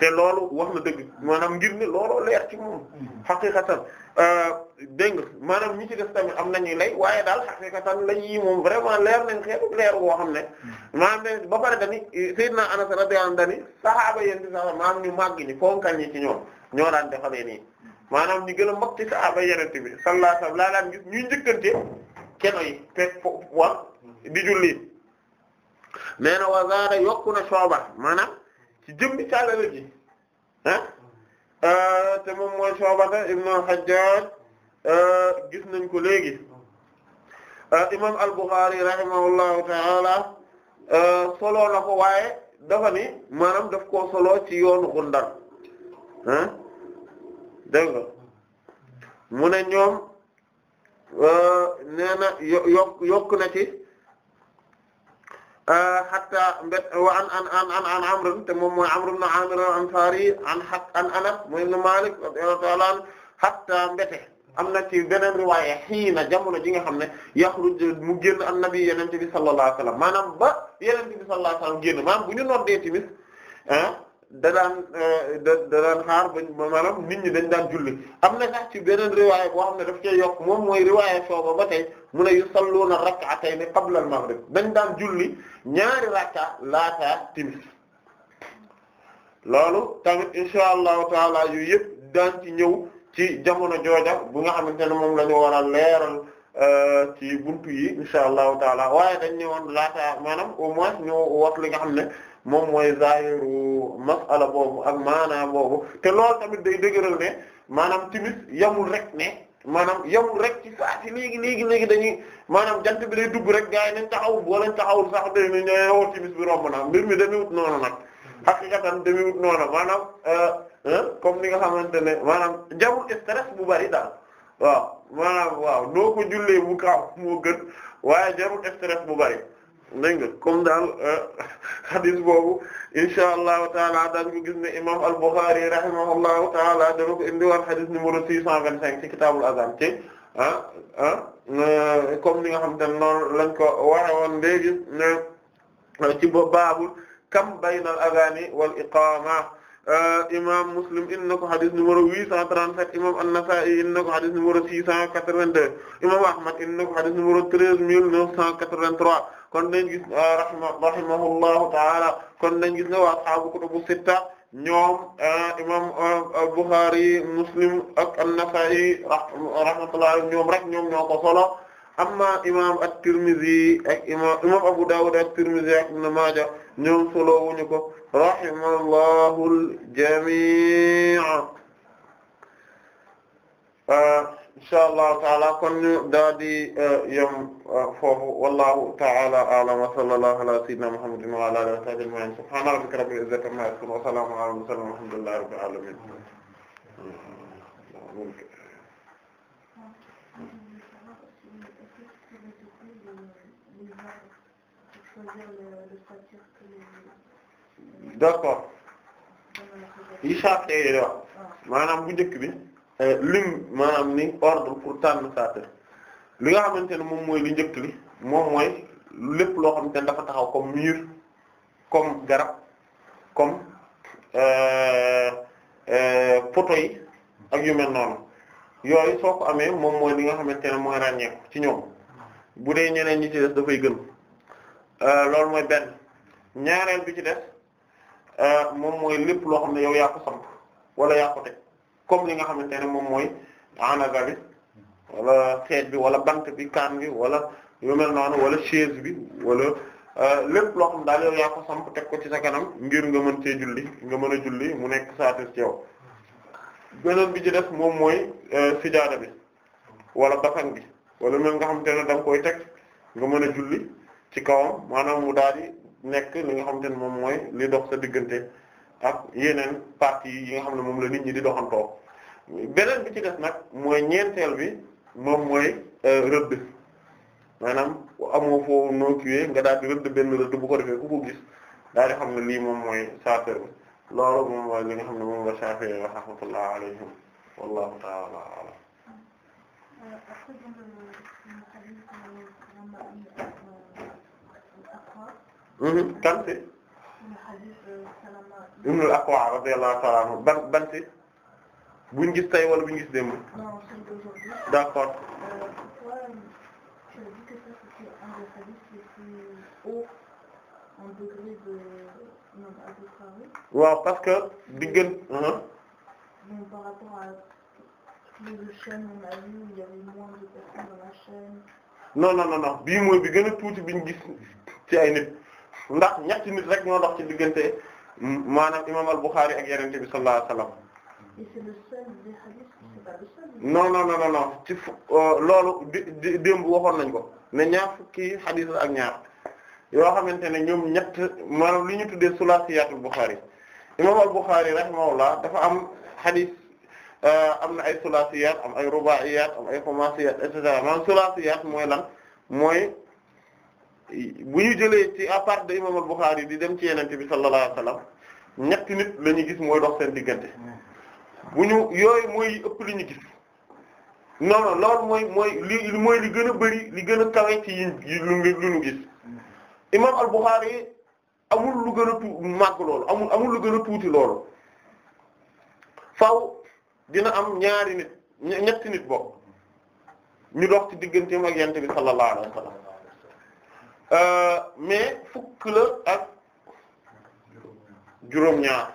te loolu wax ma dëgg maanaam ngir ne looloo leer ci moom mm-hmm. xaqiqatan euh, dégg nga maanaam ñi ci def tamit am nañuy lay waaye daal xaqiqatan la ñuy moom vraiment leer nañ xeetu leer boo xam ne maam mm-hmm. ne ba pare dani Seydina Anas radiyallahu anhu dani sahaaba yéen ci sax maanaam ñu màgg ñi fonkan ñi ci ñoom ñoo daan defalee nii maanaam ñu gën a mag ci sahaaba bi sallallahu alayhi wasallam laa daan ñuy njëkkante keno yi te wa di julli mm-hmm. nee na wa zaada yokku na sooba maanaam ci jëmmi caalale gi ah, ah, te moom mooy Shubata ibn al-Hajjaj ah, gis nañ ko léegi imam al-Bukhari rahimahullahu ta'ala solo na ko dafa ni maanaam daf koo solo ci yoonu Ghundar ah dégg nga mu ne ñoom nee na yokk yokk na ci. hatta mbet wa an an an an an amr te moom mooy amr ibn amir al-ansari an hat an anas mooy ibn malik radiyallahu ta'ala an hatta mbete am na ci beneen riwaaya xiina jamono ji nga xam ne yaxruj mu génn annabi yonent bi sallallahu alayhi wasallam maanaam ba yonent bi sallallahu alayhi wasallam génn maanaam bu ñu noddee timis ah da daan euh, da da daan xaar ba maanaam nit ñi dañ daan julli am na sax ci beneen riwaaya boo xam ne daf cee yokk moom mooy a Shu'ba ba tey mu ne yusalluuna rak'atayni ne al-maghrib dañ daan julli ñaari rakka laata timis loolu tamit insha allahu taala yu yëpp daan ci ñëw ci jamono jooja bu nga xam ne moom la ñu war a leeral euh, ci buntu yi insha allahu taala waaye dañ ne woon laata maanaam au moins ñu wax li nga xam ne moom mooy zahiru masala boobu ak maanaam boobu te loolu tamit day dëgëral ne maanaam tamit yamul rek ne maanaam yamul rek ci saa si léegi léegi léegi dañuy maanaam jant bi day dugg rek gars yi nañ taxawul boo lañ taxawul sax day ne ñoo timis bi romb na mbir mi damiwut noonu nag xaqiqatan damiwut noonu maanaam euh, comme ni nga xamante ne maanaam jamul stress bu bari daal waaw maanaam waaw noo ko jullee bu kaaw moo gën waaye jarul stress bu bari dégg nga comme daal euh, hadis boobu insha allahu taala daan ko gis ne imam al-Bukhari rahimahullahu taala dana ko indiwaat hadis numéro six cent vingt cinq ci kitaabul azan ci ah ah comme ni nga xam te ne noonu lañ ko waxe woon léegi euh, ci baabul kam bayna al-adhani wal iqama euh, imam Muslim indi na ko hadis numéro 837 imam An-Nasa'i indi na ko hadis numéro 682 imam Ahmad indi na ko hadis numéro 13983 kon nañ gis ah, rahimahullahu taala kon nañ gis ne waa ashaabu kutubu sitta ñoom ah, imam ah, Bukhari Muslim ak an-Nasa'i rahmatullahi ñoom rek ñoom ñoo ko solo amma imam at-Tirmidhi ak imam imam Abu Dawud at-Tirmidhi ak Ibn Maaja ñoom solo wuñu ko rahimallahu al-jami' insha allahu taala kon ñu daa di euh, yem euh, foofu wallahu taala a'lam wa sallallahu ala sayyidina muhammadin wa ala alihi wa sahbihi ajma'in subhana rabbika rabbil izzati amma yasifun wa salamun ala mursalin walhamdulillahi rabbil alamin d'accord yi sarte yo maanaam bu njëkk bi Euh, lim maanaam ni ordre pour tànn saatir li nga xamante ne moom mooy li njëkk li moom mooy lépp loo xam ne dafa taxaw comme mur comme garab comme euh, euh, poto yi ak yu mel noonu yooyu soo ko amee moom mooy li nga xamante ne mooy ràññeeku ci ñoom bu dee ñeneen ñi ci des dafay gën loolu mooy benn ñaareel bi ci des moom mooy lépp loo xam ne yow yaa ko samp wala yaa ko teg comme li nga xamante ne moom mooy anaga bi wala xeet bi wala bant bi kaan bi wala yu mel noonu wala chaise bi wala euh, lépp loo xam daal yow yaa ko samp teg ko ci sa kanam ngir nga mën cee julli nga mën a julli mu nekk saatis ci beneen bi ci def moom mooy euh, sijaada bi wala basan bi wala mel nga xam ne da nga koy teg nga mën a julli ci kawam maanaam mu daal di nekk li nga xamante ne moom mooy li dox sa diggante ak yeneen parties yi nga xam ne moom la nit ñi di doxantoo beneen bi ci des nag mooy ñeenteel bi moom mooy rëdd maanaam amoo foo noo kiiwee nga daal rëdd benn rëdd bu ko defee ku ko gis daal di xam ne lii moom mooy saafara bi loolu moom mooy li nga xam ne moom la saafara yi rahmatullah alayhim ibnul Akwa radiyallahu ta'ala anhu ban ban ci buñ gis tey wala buñ gis démb euh, d'accord euh, waaw parce que diggante par rapport à les chaînes on a vu il y avait moins de personnes dans la chaîne non non non non bii mooy bi gën a tuuti biñ gis ci ay nit ndax ñetti nit rek ñoo dox ci diggante maanaam imam al-Bukhari ak yenente bi sallallahu alayhi wasallam non non non non euh, loolu di démb waxoon nañ ko ne ñaar fukki xadis ak ñaar yoo xamante ne ñoom ñett maanaam li ñu tuddee sulaasiyatul Bukhari imam al-Bukhari rahimahullah dafa am xadis euh, am na ay sulaasiyaat am ay rubaa'iyaat am ay xumaasiyaat et cetera maanaam sulaasiyaat mooy lan mooy bu ñu jëlee ci à part de imam al-Bukhari di dem ci yenente bi sallallahu alayhi wasallam ñetti nit la ñu gis mooy dox seen diggante bu ñu yooyu mooy ëpp li ñu gis non non mooy mooy li gën a bëri li gën a kawe ci yi lu ñu gis imam al-Bukhari amul lu gën a tuuti màgg loolu amul amul lu gën a tuuti loolu faw dina am ñaari nit ñetti nit bokk ñu dox ci digganteem ak yente bi sallallahu alayhi Euh, mais fukk la ak juróom-ñaar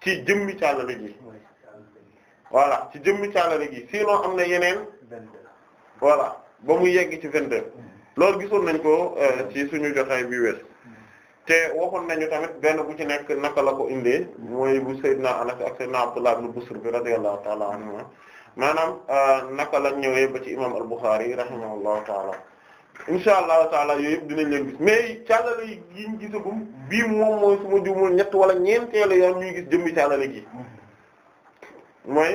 ci jëmmi caalale gi voilà ci jëmmi caalale gi sinon am na yeneen voilà ba mu yegg ci 22 loolu gisoon nañ ko euh, ci suñu jotaay bi wees te waxoon nañu tamit benn bu ci nekk naka la ko indee mooy bu Seydina Anas ak na Abdullah ibn Busr bi radiyallahu ta'ala anhuma maanaam euh, naka la ñëwee ba ci imam al-Bukhari rahimahullahu ta'ala insha allahu taala yooyu yëpp dinañ leen gis mais caalale yi yiñ gisagum bii moom mooy su ma juumul ñett wala ñeenteelu yoon ñuy gis jëmmi caalale gi mooy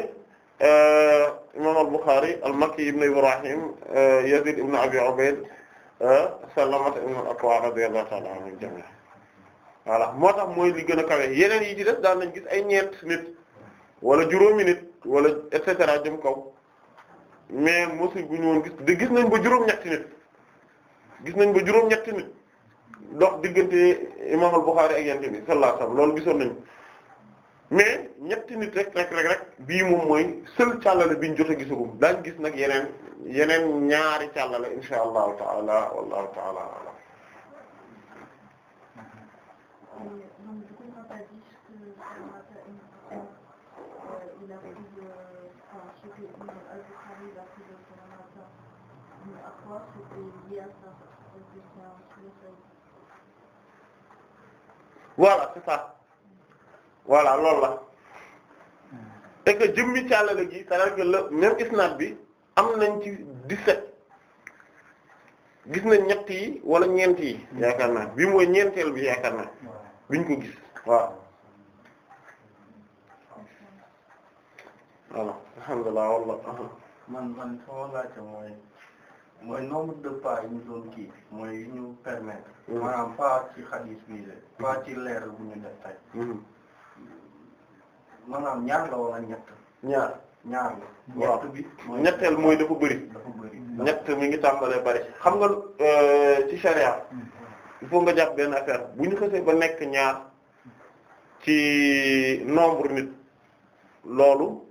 euh, imam al-Bukhari al-Makki ibn Ibrahim euh, Yazid ibn Abi Ubayd euh, Salamata ibn al-Akwa radiyallahu taala anhum jami'an voilà moo tax mooy li gën a kawe yeneen yi ci des daan nañ gis ay ñeent nit wala juróomi nit wala et jëm kaw mais mosu bu ñu woon gis de gis nañ ba juróom-ñetti nit. gis nañ ba juróom-ñetti nit dox diggante imam al-Bukhari ak yente bi sallallahu alayhi loolu gisoon nañu mais ñetti nit rek rek rek rek bii moom mooy seul càllale biñ jot a gisagum daal gis nag yeneen yeneen ñaari càllale insha allahu taala wallahu taala alam voilà c'est ça voilà la hmm. et que jëmmi càllale gi c'est-à-dire que le bi am nañ ci 17 gis nañ ñett yi wala ñeent yi hmm. yaakaar naa bi mooy ñeenteel bi yaakaar naa biñ ko gis waaw voilà alhamdulillah wallah man man sama laaj mooy mooy nombre de pas yi ñu doon kii mooy ñu permettre. Mm. maanaam pas ci xadis bii la. Mm. pas ci leer bu ñu def tey. Mm. maanaam ñaar la wala ñett. ñaar la. ñetteel mooy dafa bëri. ñett mi ngi tàmbalee bari xam nga euh, ci charia. il faut nga jàpp benn affaire bu ñu xasee ba nekk ñaar ci nombre nit loolu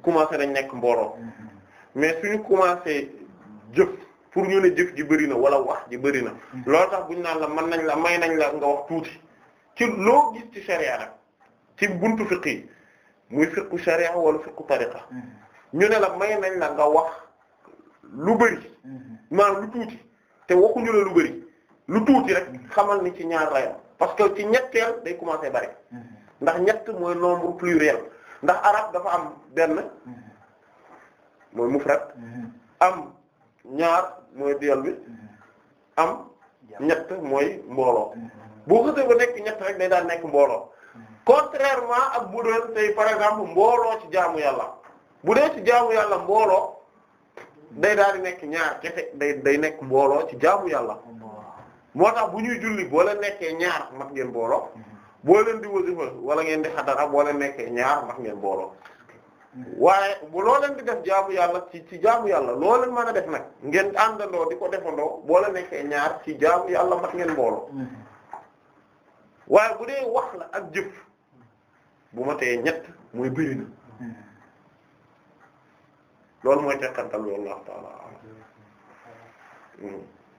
commencé nañ nekk mbooloo mm-hmm. mais suñu commencé. jëf pour ñu ne jëf ji bëri na wala wax ji bëri na mm. loolu tax buñ naan la mën nañ la may nañ la nga wax tuuti ci loo gis ci sharia nag ci buntu fiq yi muy fiqu sharia wala fiqu tariqa mm-hmm. ñu ne la may nañ la nga wax lu bëri mm-hmm. maanaam lu tuuti te waxuñu la lu bëri lu tuuti rek mm-hmm. xamal ni ci ñaar layam parce que ci ñetteel day commencer bari ndax ñett mooy nombre pluriel ndax arab dafa am benn mooy mufrad am ñaar mooy diyal bi mm-hmm. am ñett mooy mbooloo mm-hmm. boo xësee ba nekk ñett rek day daal nekk mbooloo mm-hmm. contrairement ak bu doon par exemple mbooloo ci jaamu yàlla bu dee ci jaamu yàlla mbooloo day daal di nekk ñaar kese day day nekk mbooloo ci jaamu yàlla moo tax bu ñuy julli boo leen nekkee ñaar mat ngeen mbooloo boo leen di wala ngeen di xadara boo leen nekkee ñaar mat ngeen mbooloo waaye bu loo leen def jaamu yàlla ci ci jaamu yàlla loo leen mën def nag ngeen àndandoo di ko defandoo boo la nekkee ñaar ci jaamu yàlla mat ngeen mbooloo waaye bu dee wax la ak jëf bu ma tee ñett mooy bëri na mooy tekkantal wallahu ta'ala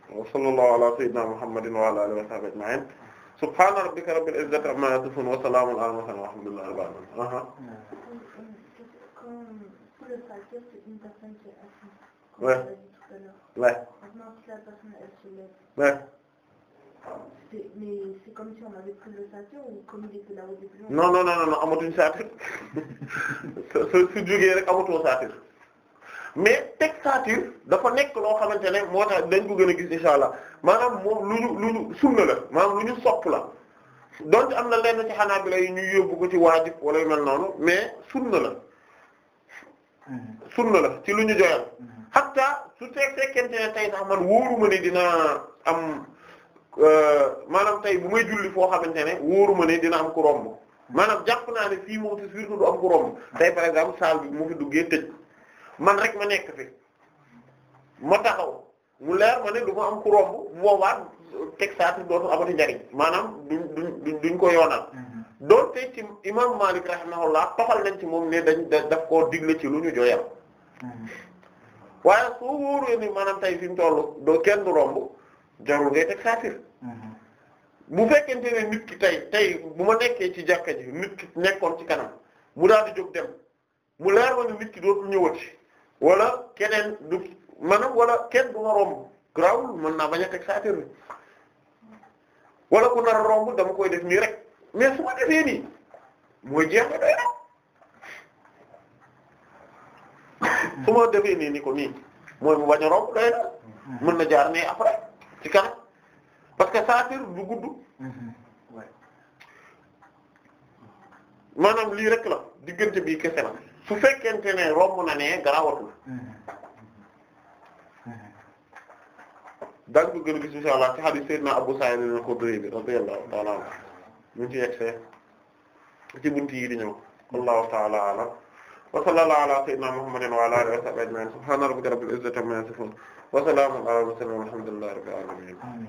wa sallallahu ala sayyidina muhammadin wa ala alihi wa sahbihi ajma'in subhana rabbika rabbil izzati amma yasifun Ouais. Ouais. Maintenant, si la personne, elle se lève. amatuñ saatir su su jógee rek amatoo saatir mais teg saatir dafa nekk loo xamante ne moo tax dañ ko gën a gis insha allah maanaam moom lu ñu lu ñu sunna la maanaam lu ñu sopp la donc am na lenn ci xanaa bi lay ñu yóbbu ko ci waajib wala yu mel noonu mais sunna la sunna la ci lu ñu joyal mm-hmm. hatta su teg fekkente ne tey sax man wóoruma ne dina am euh, maanaam tey bu may julli foo xamante ne wóoruma ne dina am ku romb mm-hmm. maanaam jàpp naa ne fii moom ci du am ku romb mm-hmm. tey par exemple salle bi mu fi duggee tëj man rek ma nekk fi ma taxaw mu leer ma ne du ma am ku romb boobaa teg saa si dootu amati njariñ maanaam duñ duñ duñ ko yoonal doonte ci imam Malik laa toxal nañ ci moom ne dañ daf koo digle ci lu ñu jooyal mm-hmm. waaye su wóoree ni maanaam tey fi mu toll doo kenn du romb jarul ngay teg mm-hmm. fekkente ne nit ki tey tey bu ma nekkee ci jàkka ji nit ki nekkoon ci kanam mu daal di jóg dem mu leer ma ne nit ki dootul ñëwati wala keneen du manam wala kenn du ma romb grawul mën naa bañ a teg saafir bi wala ku nar a romb dama koy def nii rek mais su ma defee nii mooy jeex na doy na su ma defee ni ko nii mooy mu bañ a romb doy na mën na jaar mais après ci kanam parce que saatir du gudd lii rek la diggante bi kese la su fekkente ne romb na ne garawatul daañu ko gën a gis insha Allah ci hadith Sayyidina Abu Sa'id al-Khudri bi radiyallahu ta'ala anhu ñu ci yegsee ci bunt yi di ñëw wallahu ta'ala a'lam wa sallallahu ala sayyidina muhammadin wa ala alihi wa sahbihi ajma'in subhana rabbika rabbil izzati amma yasifun wa salamun ala al mursalin walhamdulillahi rabbil alamin